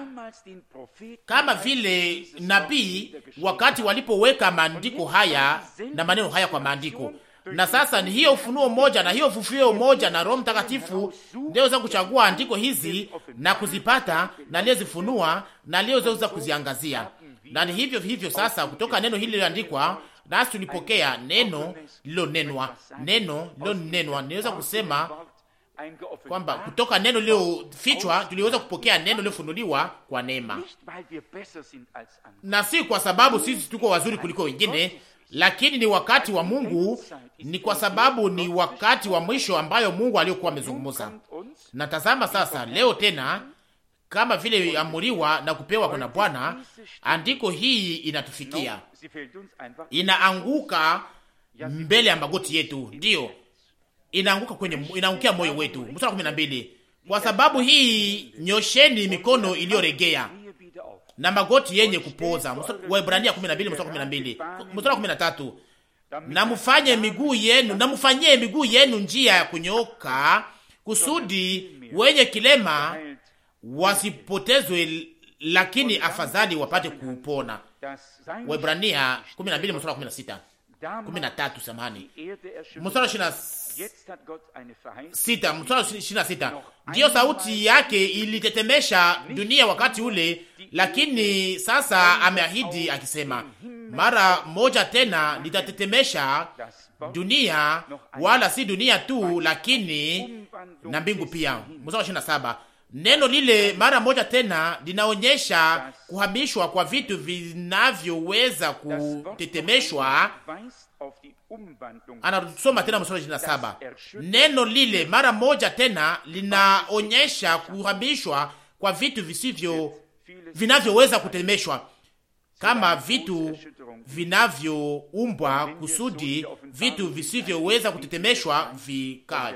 kama vile nabii, wakati walipoweka maandiko haya na maneno haya kwa maandiko. Na sasa ni hiyo ufunuo moja na hiyo fufuo moja na Roho Mtakatifu ndio za kuchagua andiko hizi na kuzipata na aliyezifunua na aliyeweza kuziangazia na ni hivyo hivyo sasa, kutoka neno hili liloandikwa nasi tulipokea neno lilonenwa, neno lilonenwa. Niweza kusema kwamba kutoka neno lililofichwa tuliweza kupokea neno lilofunuliwa kwa neema, na si kwa sababu sisi tuko wazuri kuliko wengine, lakini ni wakati wa Mungu, ni kwa sababu ni wakati wa mwisho ambayo Mungu aliyokuwa amezungumza. Na tazama sasa, leo tena kama vile amuliwa na kupewa kuna Bwana. Andiko hii inatufikia, inaanguka mbele ya magoti yetu, ndiyo inaanguka kwenye, inaangukia moyo wetu. Mstari kumi na mbili, kwa sababu hii nyosheni mikono iliyoregea na magoti yenye kupoza. Waebrania 12 mstari 12 mstari 13, na mfanye miguu yenu na mfanyie miguu yenu njia ya kunyoka, kusudi wenye kilema wasipotezwe, lakini afadhali wapate kupona. Waebrania 12 mstari wa 16 kumi samahani, mstari ishirini sita, mstari ishirini na sita. Ndiyo sauti yake ilitetemesha dunia wakati ule, lakini sasa ameahidi akisema, mara moja tena nitatetemesha dunia, wala si dunia tu, lakini na mbingu pia. Mstari ishirini na saba Neno lile mara moja tena linaonyesha kuhamishwa kwa vitu vinavyoweza kutetemeshwa. Anasoma tena mstari ishirini na saba. Neno lile mara moja tena linaonyesha kuhamishwa kwa vitu visivyo vinavyoweza kutetemeshwa, kama vitu vinavyoumbwa kusudi vitu visivyoweza kutetemeshwa vikae,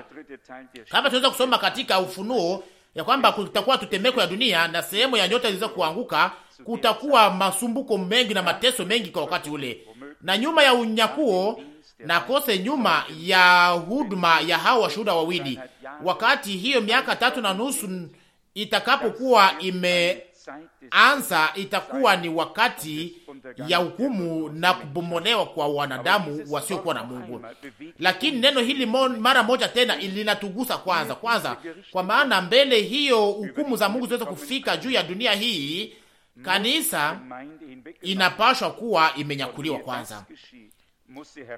kama tunaweza kusoma katika Ufunuo ya kwamba kutakuwa tutemeko ya dunia na sehemu ya nyota iliweza kuanguka, kutakuwa masumbuko mengi na mateso mengi kwa wakati ule, na nyuma ya unyakuo na kose nyuma ya huduma ya hao washuhuda wawili, wakati hiyo miaka tatu na nusu itakapokuwa imeanza, itakuwa ni wakati ya hukumu na kubomolewa kwa wanadamu wasiokuwa na Mungu. Lakini neno hili mara moja tena linatugusa kwanza kwanza, kwa maana mbele hiyo hukumu za Mungu ziweze kufika juu ya dunia hii, kanisa inapashwa kuwa imenyakuliwa kwanza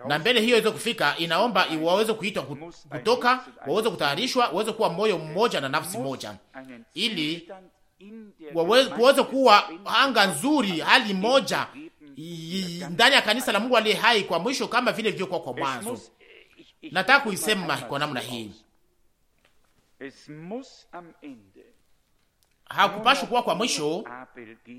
na mbele hiyo iweze kufika, inaomba waweze kuitwa kutoka, waweze kutayarishwa, waweze kuwa moyo mmoja na nafsi moja, ili waweze kuwa anga nzuri, hali moja ndani ya kanisa la Mungu aliye hai kwa mwisho, kama vile vilivyokuwa kwa mwanzo. Nataka kuisema kwa namna hii, hakupashwa kuwa kwa mwisho. Äh,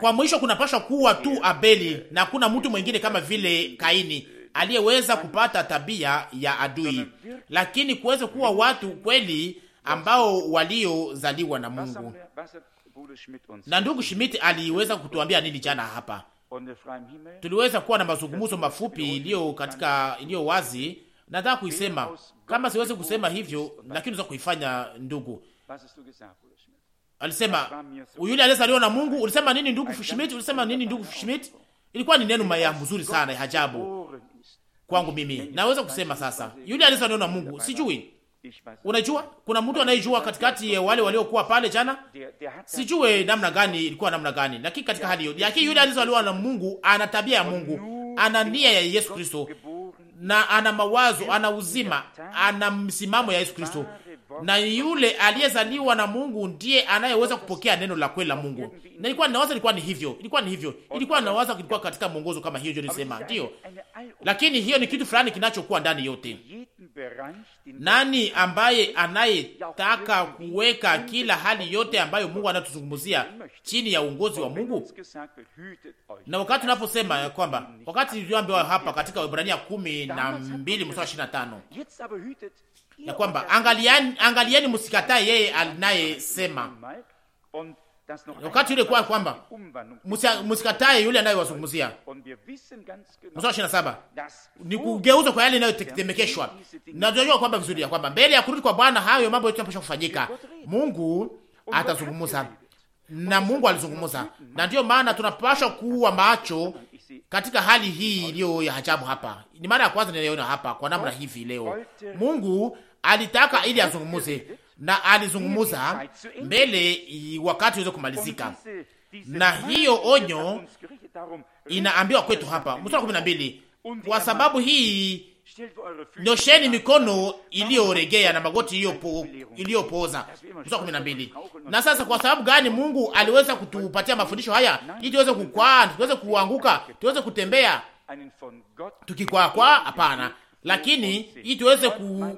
kwa mwisho kunapashwa kuwa tu Abeli äh, na kuna mtu mwingine kama vile Kaini äh, aliyeweza kupata tabia ya adui, lakini kuweze kuwa watu kweli ambao waliozaliwa na Mungu. Na ndugu Schmidt aliweza kutuambia nini jana hapa? Tuliweza kuwa na mazungumzo mafupi iliyo katika iliyo wazi. Nataka kuisema kama siwezi kusema hivyo, lakini unaweza kuifanya ndugu. Alisema yule aliyezaliwa na Mungu. Ulisema nini ndugu Schmidt? Ulisema nini ndugu Schmidt? Ilikuwa ni neno maya mzuri sana ya ajabu kwangu mimi. Naweza kusema sasa, yule aliyezaliwa na Mungu, sijui Unajua, kuna mtu anayejua katikati ya wale waliokuwa pale jana, sijue namna gani ilikuwa namna gani, lakini katika hali hiyo, lakini yule alizaliwa na Mungu, ana tabia ya Mungu, ana nia ya Yesu Kristo, na ana mawazo, ana uzima, ana msimamo ya Yesu Kristo, na yule aliyezaliwa na Mungu ndiye anayeweza kupokea neno la kweli la Mungu. Na ilikuwa ninawaza, ilikuwa ni hivyo, ilikuwa ni hivyo, ilikuwa ninawaza, ilikuwa katika mwongozo kama hiyo, ndio nilisema ndio, lakini hiyo ni kitu fulani kinachokuwa ndani yote nani ambaye anayetaka kuweka kila hali yote ambayo Mungu anatuzungumzia chini ya uongozi wa Mungu? Oh, na wakati tunaposema ya kwamba wakati tulioambiwa hapa katika Waebrania kumi na mbili mstari ishirini na tano ya kwamba angalieni, musikatai msikatae yeye anayesema wakati yule kwa kwamba msikatae yule anayewazungumzia. Mstari ishirini na saba ni kugeuzwa kwa yale inayotemekeshwa. Na tunajua kwamba vizuri ya kwamba mbele ya kurudi kwa Bwana hayo mambo yote yanapaswa kufanyika. Mungu atazungumza na Mungu er alizungumza, na ndiyo maana tunapaswa kuwa macho katika hali hii iliyo ya ajabu hapa. Ni mara ya kwanza niliona hapa kwa namna hivi leo. Mungu alitaka ili azungumze na alizungumuza mbele wakati uweze kumalizika, na hiyo onyo inaambiwa kwetu hapa mstari kumi na mbili kwa sababu hii nyosheni mikono iliyoregea na magoti iliyopooza. Mstari kumi na mbili. Na sasa kwa sababu gani Mungu aliweza kutupatia mafundisho haya ili tuweze kukwaa, tuweze kuanguka, tuweze kutembea tukikwaa kwa? Hapana, lakini ili tuweze ku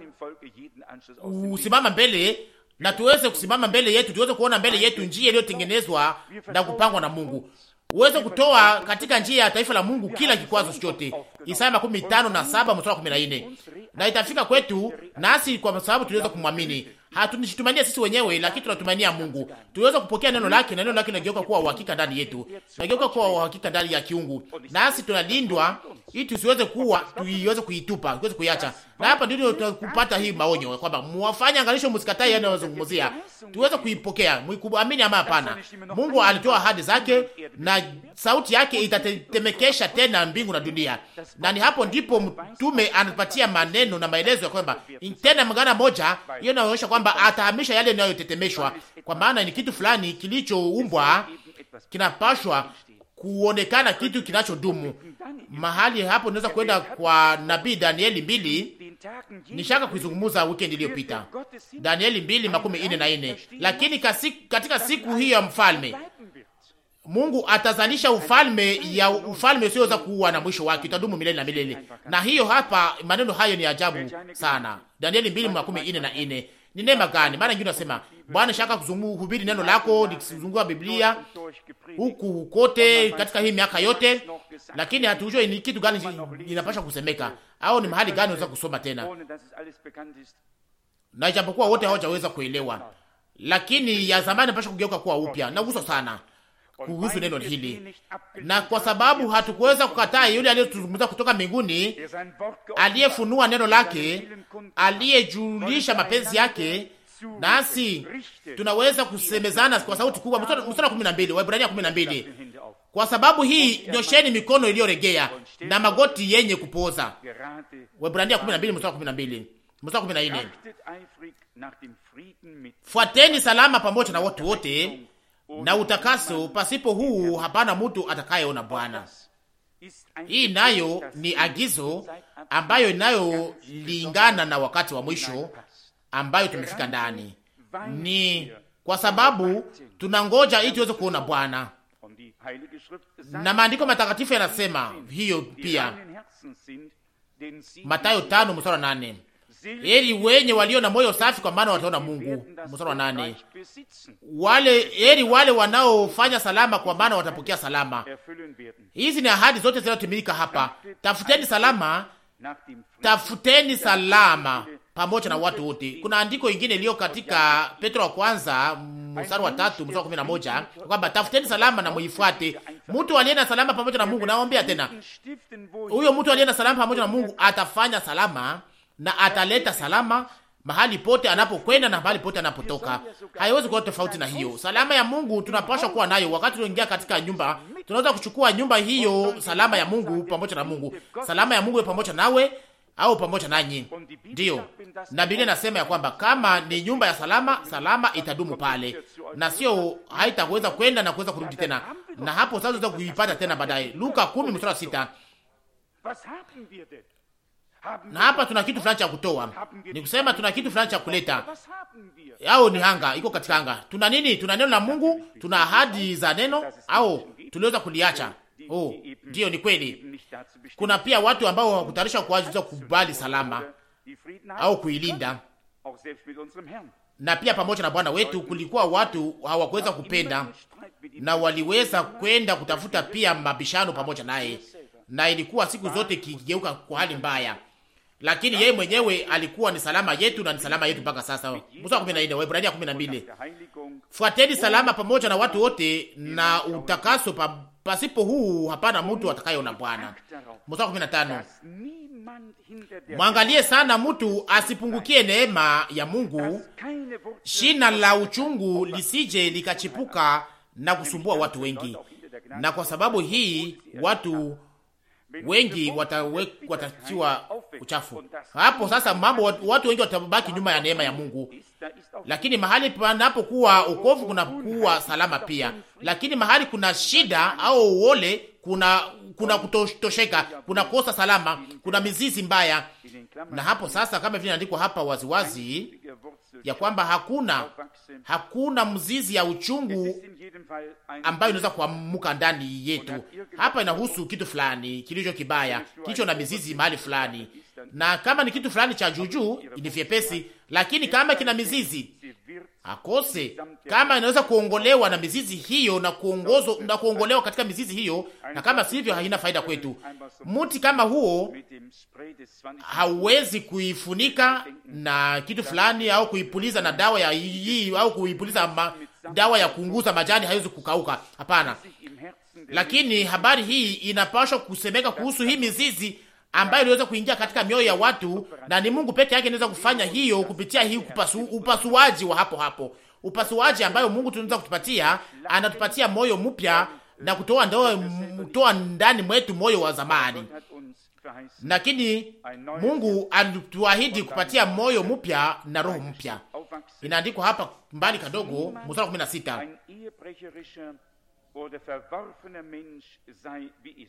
usimama mbele na tuweze kusimama mbele yetu, tuweze kuona mbele yetu njia iliyotengenezwa na kupangwa na Mungu, uweze kutoa katika njia ya taifa la Mungu kila kikwazo chote. Isaya makumi tano na saba mstari wa kumi na nne. Na itafika kwetu nasi kwa sababu tuliweza kumwamini. Hatunishitumania sisi wenyewe, lakini tunatumania Mungu. Tuweza kupokea neno lake na neno lake linageuka kuwa uhakika ndani yetu. nageuka kuwa uhakika ndani ya kiungu. Nasi tunalindwa ili tusiweze kuwa tuiweze kuitupa, tuweze kuiacha. Na hapa ndio tunakupata hii maonyo kwamba muwafanye angalisho msikatai yanayozungumzia. Tuweze kuipokea, mwikubamini ama hapana. Mungu alitoa ahadi zake na sauti yake itatemekesha tena mbingu na dunia. Na ni hapo ndipo mtume anapatia maneno na maelezo ya kwamba tena mgana moja hiyo inaonyesha kwamba atahamisha yale yanayotetemeshwa, kwa maana ni kitu fulani kilichoumbwa kinapashwa kuonekana kitu kinachodumu. Mahali hapo unaweza kwenda kwa nabii Danieli mbili, nishaka kuizungumuza wikendi iliyopita, Danieli mbili makumi ine na ine. Lakini katika siku hii ya mfalme Mungu atazalisha ufalme ya ufalme usioweza kuwa na mwisho wake, utadumu milele na milele. Na hiyo hapa, maneno hayo ni ajabu sana. Danieli mbili makumi ine na ine. Ni neema gani? Maana nyingine nasema Bwana, shaka kuhubiri neno lako nikizungua Biblia huku hukote katika hii miaka yote, lakini hatujui ni kitu gani inapasha kusemeka au ni mahali gani unaweza kusoma tena, na ijapokuwa wote hawajaweza kuelewa, lakini ya zamani inapasha kugeuka kuwa upya. Naguswa sana kuhusu neno hili, na kwa sababu hatukuweza kukataa yule aliyetuzungumza kutoka mbinguni, aliyefunua neno lake, aliyejulisha mapenzi yake, nasi tunaweza kusemezana kwa sauti kubwa. Mstari wa kumi na mbili, Waebrania kumi na mbili. Kwa sababu hii nyosheni mikono iliyoregea na magoti yenye kupoza. Waebrania mbili, mstari 12 mstari 14. Fuateni salama pamoja na watu wote na utakaso, pasipo huu hapana mtu atakayeona Bwana. Hii nayo ni agizo ambayo inayolingana na wakati wa mwisho ambayo tumefika ndani, ni kwa sababu tunangoja ili tuweze kuona Bwana, na maandiko matakatifu yanasema hiyo pia, Matayo tano mstari nane Heri wenye walio na moyo safi, kwa maana wataona Mungu. Mstari wa nane. Wale heri wale wanaofanya salama, kwa maana watapokea salama. Hizi ni ahadi zote zinazotimilika hapa. Tafuteni salama, tafuteni salama pamoja na watu wote. Kuna andiko ingine iliyo katika Petro wa kwanza mstari wa tatu mstari wa kumi na moja kwamba tafuteni salama na muifuate. Mtu aliye na salama pamoja na Mungu, naombea tena, huyo mtu aliye na salama pamoja na Mungu atafanya salama na ataleta salama mahali pote anapokwenda na mahali pote anapotoka. Haiwezi kuwa tofauti na hiyo. Salama ya Mungu tunapaswa kuwa nayo wakati tunaingia katika nyumba. Tunaweza kuchukua nyumba hiyo, salama ya Mungu pamoja na Mungu, salama ya Mungu pamoja nawe au pamoja nanyi. Ndiyo, na Biblia inasema ya kwamba kama ni nyumba ya salama, salama itadumu pale na sio haitaweza kwenda na kuweza kurudi tena, na hapo sasa utaweza kuipata tena baadaye. Luka 10 mstari 6 na hapa tuna kitu fulani cha kutoa, ni kusema tuna kitu fulani cha kuleta, au ni anga iko katika anga. Tuna nini? Tuna neno la Mungu, tuna ahadi za neno, au tuliweza kuliacha? Oh, ndiyo, ni kweli. Kuna pia watu ambao wakutarisha kwa ajili salama au kuilinda, na pia pamoja na Bwana wetu kulikuwa watu hawakuweza kupenda na waliweza kwenda kutafuta pia mabishano pamoja naye, na ilikuwa siku zote kigeuka kwa hali mbaya lakini yeye mwenyewe alikuwa ni salama yetu na ni salama yetu mpaka sasa. Mstari wa 14 Waebrania mbili fuateni salama pamoja na watu wote na utakaso pa, pasipo huu hapana mtu atakayeona Bwana. Mstari wa tano mwangalie sana mtu asipungukie neema ya Mungu, shina la uchungu lisije likachipuka na kusumbua watu wengi, na kwa sababu hii watu wengi watatiwa uchafu hapo. Sasa mambo, watu wengi watabaki nyuma ya neema ya Mungu, lakini mahali panapokuwa ukovu kunakuwa salama pia, lakini mahali kuna shida au uole kuna kuna kutosheka, kuna kosa salama, kuna mizizi mbaya. Na hapo sasa, kama vile inaandikwa hapa waziwazi ya kwamba hakuna hakuna mzizi ya uchungu ambayo inaweza kuamuka ndani yetu. Hapa inahusu kitu fulani kilicho kibaya, kilicho na mizizi mahali fulani, na kama ni kitu fulani cha juujuu ni vyepesi, lakini kama kina mizizi akose kama inaweza kuongolewa na mizizi hiyo na kuongozwa na kuongolewa katika mizizi hiyo, na kama sivyo haina faida kwetu. Mti kama huo hauwezi kuifunika na kitu fulani au kuipuliza na dawa ya hii au kuipuliza ma, dawa ya kuunguza majani, haiwezi kukauka. Hapana, lakini habari hii inapaswa kusemeka kuhusu hii mizizi ambayo iliweza kuingia katika mioyo ya watu, na ni Mungu peke yake anaweza kufanya hiyo kupitia hii kupasu, upasuaji wa hapo hapo, upasuaji ambayo Mungu tunaweza kutupatia, anatupatia moyo mpya na kutoa ndoa kutoa ndani mwetu moyo wa zamani. Lakini Mungu alituahidi kupatia moyo mpya na roho mpya. Inaandikwa hapa mbali kadogo, mstari wa 16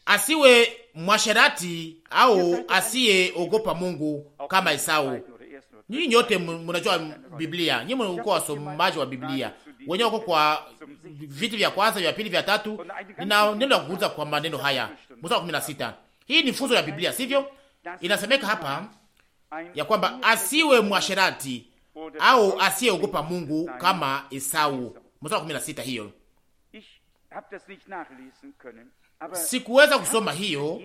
asiwe mwasherati au ogopa Mungu kama Esau. Nyinyi nyote mnajua Biblia, nyinyi mko wasomaji wa Biblia wenyewe wako kwa vitu vya kwanza vya pili vya tatu. Nina neno la kwa maneno haya, mstari wa sita. Hii ni funzo ya Biblia, sivyo? Inasemeka hapa ya kwamba asiwe mwasherati au asiyeogopa Mungu kama Esau. Mstari wa sita hiyo Sikuweza kusoma hiyo,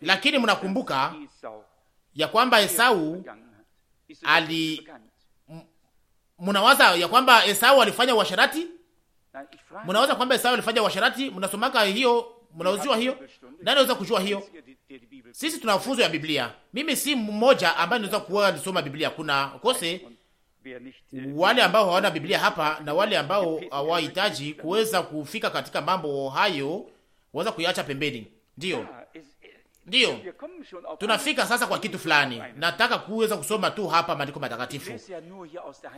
lakini mnakumbuka ya kwamba Esau ali mnawaza ya kwamba Esau alifanya uasharati. Mnawaza kwamba Esau alifanya uasharati, mnasomaka hiyo, mnauziwa hiyo. Nani anaweza kujua hiyo? Sisi tuna funzo ya Biblia. Mimi si mmoja ambaye naweza kuwa nisoma Biblia, kuna kose Äh, wale ambao hawana Biblia hapa na wale ambao hawahitaji kuweza kufika katika mambo hayo waweza kuiacha pembeni. Ndiyo, ah, ndiyo, tunafika sasa kwa kitu fulani. Nataka kuweza kusoma tu hapa maandiko matakatifu.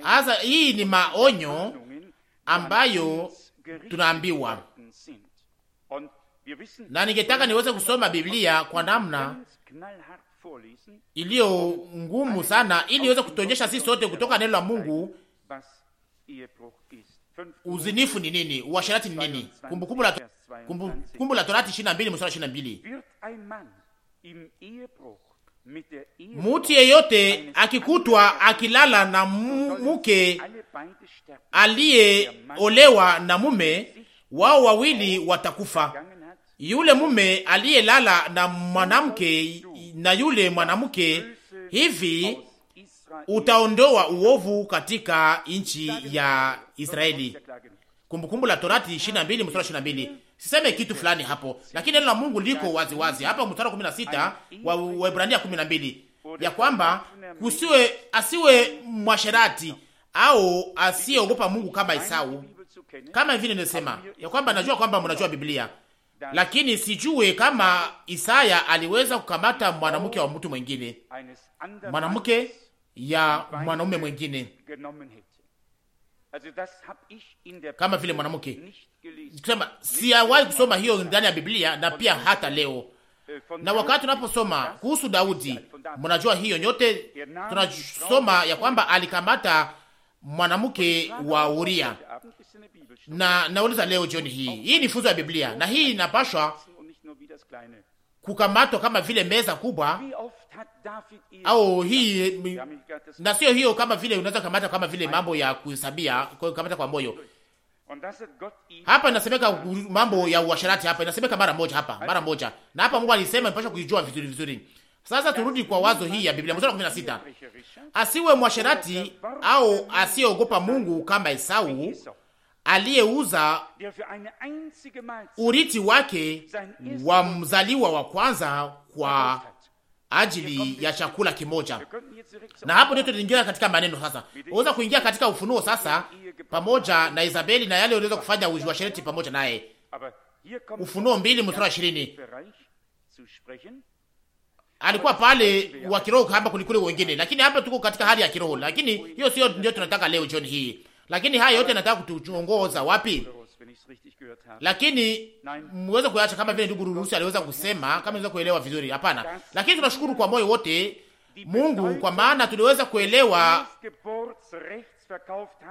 hasa hii ni maonyo ambayo tunaambiwa, na ningetaka niweze kusoma Biblia kwa namna iliyo ngumu sana, ili iweze kutuonyesha sisi sote kutoka neno la Mungu uzinifu ni nini, uasherati ni nini. Kumbukumbu la Kumbukumbu la Torati 22 mstari 22, mutu yeyote akikutwa akilala na mke aliyeolewa na mume wao wawili watakufa. Yule mume aliyelala na mwanamke na yule mwanamke hivi utaondoa uovu katika nchi ya Israeli. Kumbukumbu la Torati 22 mstari 22. Siseme kitu fulani hapo, lakini neno la Mungu liko wazi wazi hapa mstari 16 wa Waebrania 12 ya kwamba kusiwe asiwe mwasherati au asiyeogopa Mungu kama Esau. Kama vile nimesema ya kwamba najua kwamba mnajua Biblia lakini sijue kama Isaya aliweza kukamata mwanamke wa mtu mwingine, mwanamke ya mwanaume mwingine, kama vile mwanamke kusema. Siawahi kusoma hiyo ndani ya Biblia na pia hata leo. Eh, na wakati tunaposoma kuhusu Daudi, mnajua hiyo nyote, tunasoma ya kwamba alikamata mwanamke wa Uria na nauliza leo jioni hii, hii ni funzo ya Biblia na hii inapashwa kukamatwa kama vile meza kubwa au hii na sio hiyo, kama vile unaweza kukamata kama vile mambo ya kuhesabia kukamata kwa moyo. Hapa inasemeka mambo ya uasharati, hapa inasemeka mara moja, hapa mara moja, na hapa Mungu alisema inapaswa kuijua vizuri vizuri. Sasa turudi kwa wazo hii ya Biblia mstari wa sita: asiwe mwasherati au asiyeogopa Mungu kama Esau aliyeuza urithi wake wa mzaliwa wa kwanza kwa ajili ya chakula kimoja. Na hapo ndio tunaingia katika maneno sasa, unaweza kuingia katika ufunuo sasa, pamoja na Isabeli na yale uliweza kufanya washereti pamoja naye. Ufunuo mbili mstari ishirini alikuwa pale wa kiroho hapa kulikuwa wengine, lakini hapa tuko katika hali ya kiroho, lakini hiyo sio ndio tunataka leo jioni hii lakini haya yote nataka kutuongoza wapi? Lakini mweze kuacha kama vile ndugu Rurusi aliweza kusema, kama niweza kuelewa vizuri. Hapana, lakini tunashukuru kwa moyo wote Mungu kwa maana tuliweza kuelewa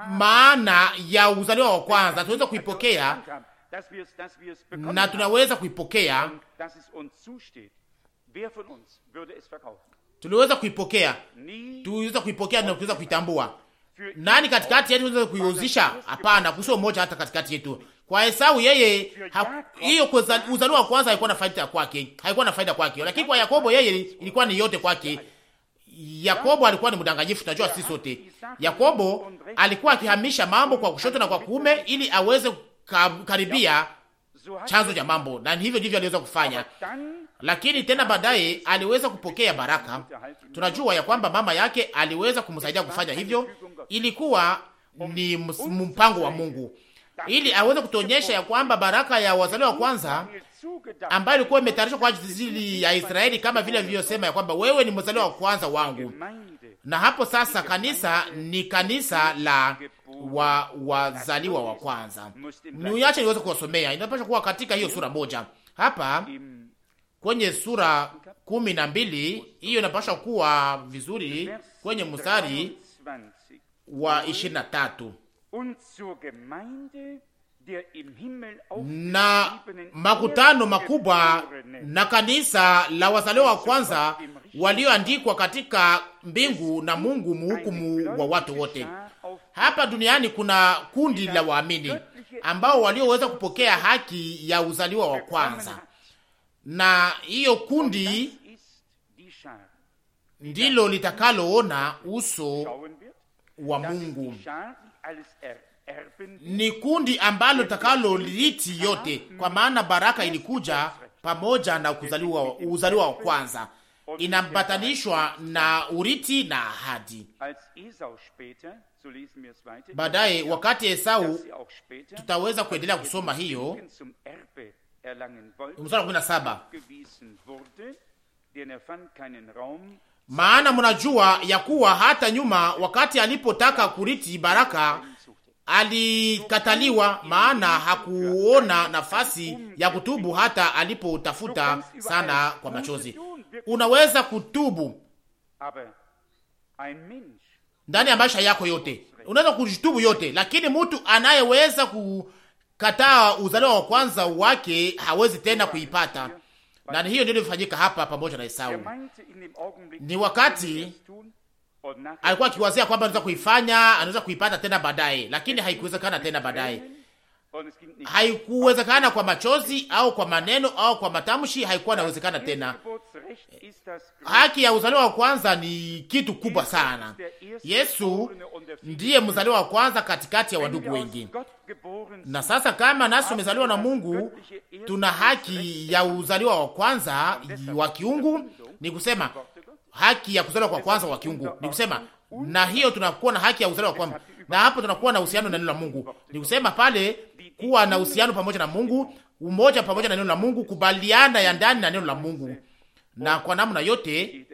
maana ya uzaliwa wa kwanza, tunaweza kuipokea na tunaweza kuipokea, tuliweza kuipokea, tuliweza kuipokea na tuliweza kuitambua. Nani katikati yetu anaweza kuihuzisha? Hapana, kusio moja hata katikati yetu. Kwa Esau yeye hiyo uzaliwa kwanza haikuwa na faida kwake, haikuwa na faida kwake, lakini kwa Yakobo yeye ilikuwa ni yote kwake. Yakobo alikuwa ni mdanganyifu, tunajua sisi sote. Yakobo alikuwa akihamisha mambo kwa kushoto na kwa kuume, ili aweze karibia chanzo cha mambo, na hivyo ndivyo aliweza kufanya lakini tena baadaye aliweza kupokea baraka. Tunajua ya kwamba mama yake aliweza kumsaidia kufanya hivyo, ilikuwa ni mpango wa Mungu ili aweze kutuonyesha ya kwamba baraka ya wazaliwa wa kwanza ambayo ilikuwa imetayarishwa kwa ajili ya Israeli, kama vile vilivyosema ya kwamba wewe ni mzaliwa wa kwanza wangu. Na hapo sasa kanisa ni kanisa la wa wazaliwa wa kwanza. Niuache niweze kuwasomea, inapaswa kuwa katika hiyo sura moja hapa kwenye sura kumi na mbili hiyo inapashwa kuwa vizuri kwenye mstari wa ishirini na tatu na makutano makubwa na kanisa la wazaliwa wa kwanza walioandikwa katika mbingu na Mungu muhukumu wa watu wote. Hapa duniani kuna kundi la waamini ambao walioweza kupokea haki ya uzaliwa wa kwanza na hiyo kundi ndilo litakaloona uso wa Mungu. Er-, Ni kundi ambalo litakalo liti yote, kwa maana baraka ilikuja pamoja na kuzaliwa, uzaliwa wa kwanza inambatanishwa na uriti na ahadi. Baadaye wakati Esau, tutaweza kuendelea kusoma hiyo Mstari wa saba er maana mnajua ya kuwa hata nyuma wakati alipotaka kuriti baraka alikataliwa, maana hakuona nafasi ya kutubu hata alipotafuta sana kwa machozi. Unaweza kutubu ndani ya maisha yako yote, unaweza kujitubu yote, lakini mtu anayeweza ku kataa uzaliwa wa kwanza wake hawezi tena kuipata, na hiyo ndio ilifanyika hapa pamoja na Esau. Ni wakati alikuwa akiwazia kwamba anaweza kuifanya, anaweza kuipata tena baadaye, lakini haikuwezekana tena baadaye haikuwezekana kwa machozi au kwa maneno au kwa matamshi, haikuwa nawezekana tena. Haki ya uzaliwa wa kwanza ni kitu kubwa sana. Yesu ndiye mzaliwa wa kwanza katikati ya wandugu wengi, na sasa kama nasi tumezaliwa na Mungu, tuna haki ya uzaliwa wa kwanza wa kiungu, ni kusema haki ya kuzaliwa kwa kwanza wa kiungu, ni kusema na hiyo tunakuwa na haki ya uzaliwa wa kwanza, na hapo tunakuwa na uhusiano na neno la Mungu, ni kusema pale kuwa na uhusiano pamoja na Mungu, umoja pamoja na neno la Mungu, kubaliana ya ndani na neno la Mungu, na kwa namna yote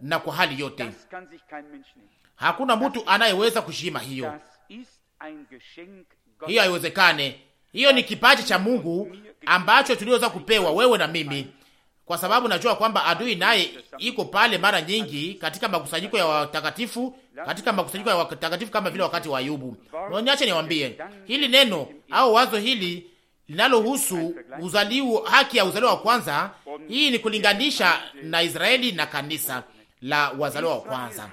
na kwa hali yote. Hakuna mtu anayeweza kushima hiyo, hiyo haiwezekane. Hiyo ni kipaji cha Mungu ambacho tuliweza kupewa wewe na mimi kwa sababu najua kwamba adui naye iko pale mara nyingi katika makusanyiko ya watakatifu, katika makusanyiko ya watakatifu kama vile wakati wa Ayubu. Niache niwaambie hili neno au wazo hili linalohusu uzaliwa, haki ya uzaliwa wa kwanza. Hii ni kulinganisha na Israeli na kanisa la wazaliwa wa kwanza.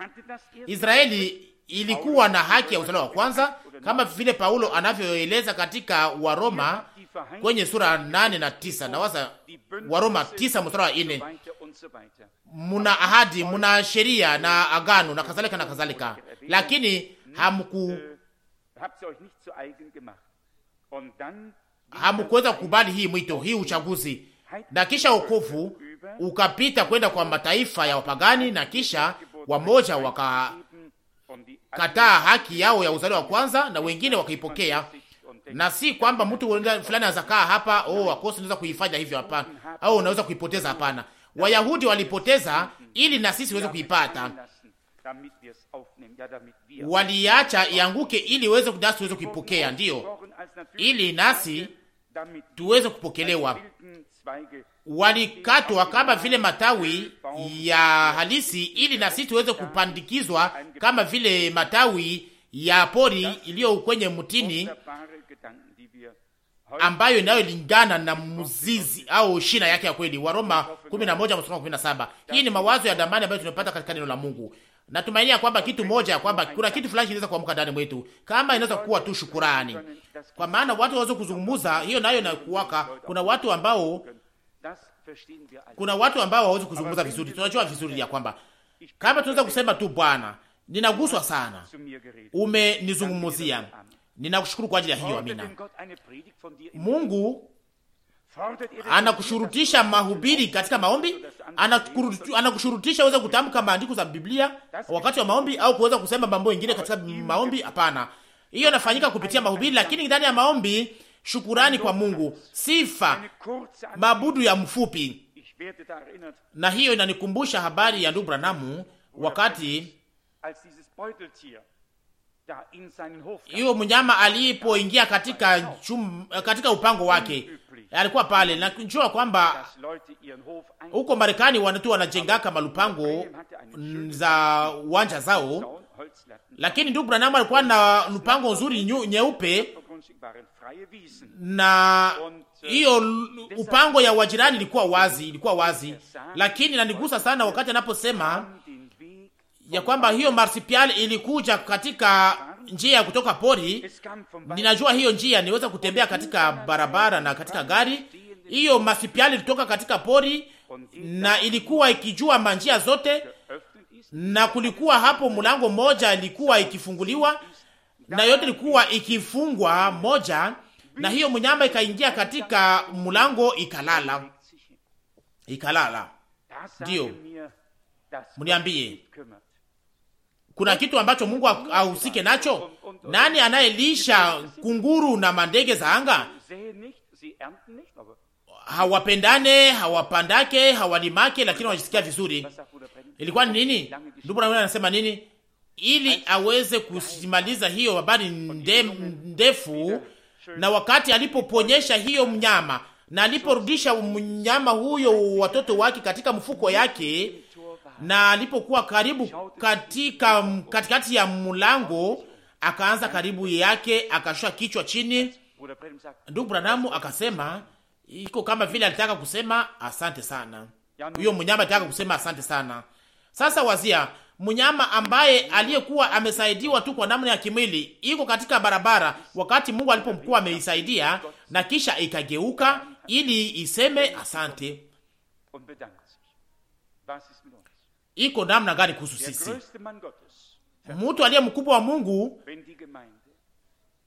Israeli ilikuwa na haki ya uzaliwa wa kwanza kama vile Paulo anavyoeleza katika Waroma kwenye sura nane na tisa na wasa Waroma tisa mstari wa nne muna ahadi muna sheria na agano na kadhalika na kadhalika, lakini hamku eh, hamkuweza kukubali hii mwito hii uchaguzi, na kisha wokovu ukapita kwenda kwa mataifa ya wapagani, na kisha wamoja wakakataa haki yao ya uzaliwa wa kwanza na wengine wakaipokea na si kwamba mtu fulani anaweza kaa hapa oh, akose unaweza kuifanya hivyo, hapana, au unaweza kuipoteza, hapana. Wayahudi walipoteza ili na sisi uweze kuipata, waliacha ianguke ili weze nasi tuweze kuipokea, ndiyo, ili nasi tuweze kupokelewa. Walikatwa kama vile matawi ya halisi, ili na sisi tuweze kupandikizwa kama vile matawi ya pori iliyo kwenye mtini ambayo inayolingana na mzizi au shina yake ya kweli. Waroma 11:17. Hii ni mawazo ya damani ambayo tunapata katika neno la Mungu. Natumainia kwamba kitu moja ya kwamba kuna kitu fulani kinaweza kuamka ndani mwetu, kama inaweza kuwa tu shukurani, kwa maana watu waweza kuzungumza hiyo nayo inakuwaka. Kuna watu ambao kuna watu ambao hawawezi kuzungumza vizuri. Tunajua vizuri ya kwamba kama tunaweza kusema tu, Bwana, ninaguswa sana, umenizungumzia Ninakushukuru kwa ajili ya hiyo, amina. Mungu anakushurutisha mahubiri katika maombi, anakushurutisha uweze kutamka maandiko za Biblia wakati wa maombi, au kuweza kusema mambo ingine katika maombi? Hapana, hiyo inafanyika kupitia mahubiri, lakini ndani ya maombi, shukurani kwa Mungu, sifa, mabudu ya mfupi. Na hiyo inanikumbusha habari ya ndugu Branamu wakati hiyo mnyama alipoingia katika chum, katika upango wake alikuwa pale. Najua kwamba huko Marekani wanatu wanajengaka malupango za uwanja zao, lakini ndugu Branham alikuwa na lupango nzuri nyeupe, na äh, hiyo upango ya er wajirani ilikuwa wazi, ilikuwa wazi, lakini nanigusa sana wakati anaposema ya kwamba hiyo marsipial ilikuja katika njia ya kutoka pori. Ninajua hiyo njia, niweza kutembea katika barabara na katika gari. Hiyo marsipial ilitoka katika pori na ilikuwa ikijua manjia zote, na kulikuwa hapo mlango moja ilikuwa ikifunguliwa na yote ilikuwa ikifungwa moja, na hiyo mnyama ikaingia katika mlango ikalala, ikalala. Ndiyo, mniambie kuna kitu ambacho Mungu ahusike nacho? Nani anayelisha kunguru na mandege za anga? Hawapendane, hawapandake, hawalimake, lakini wanajisikia vizuri. Ilikuwa ni nini? Ndugu na anasema nini? Ili aweze kusimaliza hiyo habari ndefu, na wakati alipoponyesha hiyo mnyama na aliporudisha mnyama huyo watoto wake katika mfuko yake na alipokuwa karibu katika katikati ya mlango, akaanza karibu yake, akashusha kichwa chini. Ndugu Branamu akasema iko kama vile alitaka kusema asante sana, huyo mnyama alitaka kusema asante sana. Sasa wazia mnyama ambaye aliyekuwa amesaidiwa tu kwa namna ya kimwili, iko katika barabara wakati Mungu alipomkuwa ameisaidia, na kisha ikageuka ili iseme asante iko namna gani kuhusu sisi? Mtu aliye mkubwa wa Mungu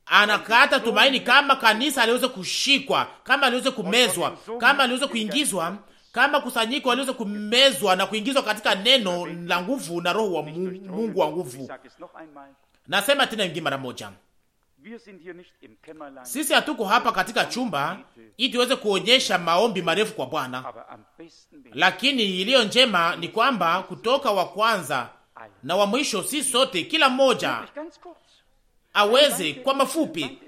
anakata tumaini, kama kanisa aliweze kushikwa, kama aliweze kumezwa, kama aliweze kuingizwa, kama kusanyiko aliweze kumezwa na kuingizwa katika neno la nguvu na roho wa Mungu wa nguvu. Nasema tena ingi mara moja sisi hatuko hapa katika chumba ili tuweze kuonyesha maombi marefu kwa Bwana, lakini iliyo njema ni kwamba kutoka wa kwanza na wa mwisho, si sote, kila mmoja aweze kwa mafupi.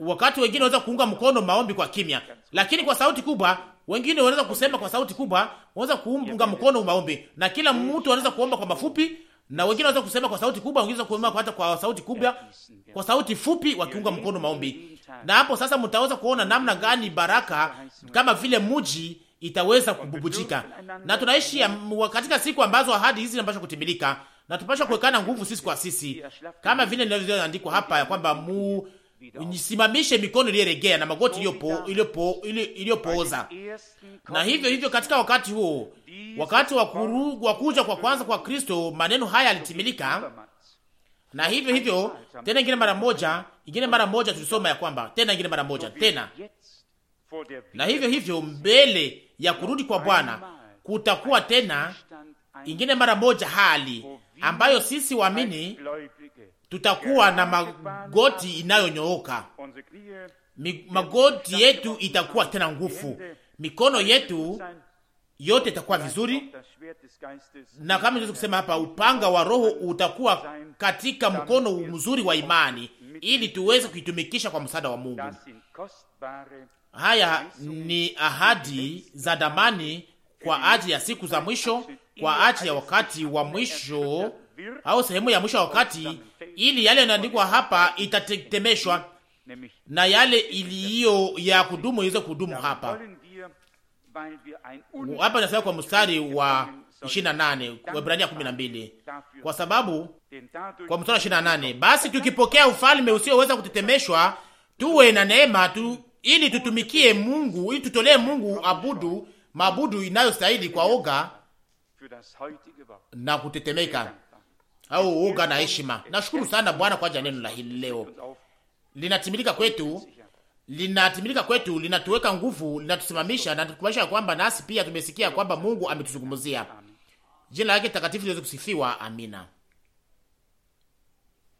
Wakati wengine wanaweza kuunga mkono maombi kwa kimya, lakini kwa sauti kubwa. Wengine wanaweza kusema kwa sauti kubwa, wanaweza kuunga mkono maombi, na kila mtu anaweza kuomba kwa mafupi na wengine wanaweza kusema kwa sauti kubwa, wengine kuimba hata kwa sauti kubwa, kwa sauti fupi, wakiunga mkono maombi. Na hapo sasa mtaweza kuona namna gani baraka kama vile muji itaweza kububujika. Na tunaishi katika siku ambazo ahadi hizi zinapaswa kutimilika, na tupaswa kuwekana nguvu sisi kwa sisi, kama vile nilivyoandikwa hapa ya kwamba mu Nisimamishe mikono iliyoregea na magoti iliyopooza. Na hivyo hivyo, katika wakati huo, wakati wa kuja kwa kwanza kwa Kristo, maneno haya yalitimilika. Na hivyo hivyo tena, ingine mara moja, ingine mara moja tulisoma ya kwamba tena, ingine mara moja tena. Na hivyo hivyo, mbele ya kurudi kwa Bwana kutakuwa tena ingine mara moja hali ambayo sisi waamini tutakuwa na magoti inayonyooka, magoti yetu itakuwa tena nguvu, mikono yetu yote itakuwa vizuri, na kama niweza kusema hapa, upanga wa Roho utakuwa katika mkono mzuri wa imani, ili tuweze kuitumikisha kwa msaada wa Mungu. Haya ni ahadi za damani kwa ajili ya siku za mwisho, kwa ajili ya wakati wa mwisho au sehemu ya mwisho wa wakati, ili yale yanaandikwa hapa itatetemeshwa na yale iliyo ya kudumu iweze kudumu hapa hapa nasema kwa mstari wa 28 Waebrania 12, kwa sababu kwa mstari wa 28, basi tukipokea ufalme usioweza kutetemeshwa, tuwe na neema tu, ili tutumikie Mungu, ili tutolee Mungu abudu mabudu inayostahili kwa oga na kutetemeka au uga na heshima. Nashukuru sana Bwana kwa ajili ya neno la hili leo, linatimilika kwetu, linatimilika kwetu, linatuweka nguvu, linatusimamisha na tukumaisha kwamba nasi pia tumesikia kwamba Mungu ametuzungumzia. Jina lake takatifu liweze kusifiwa. Amina.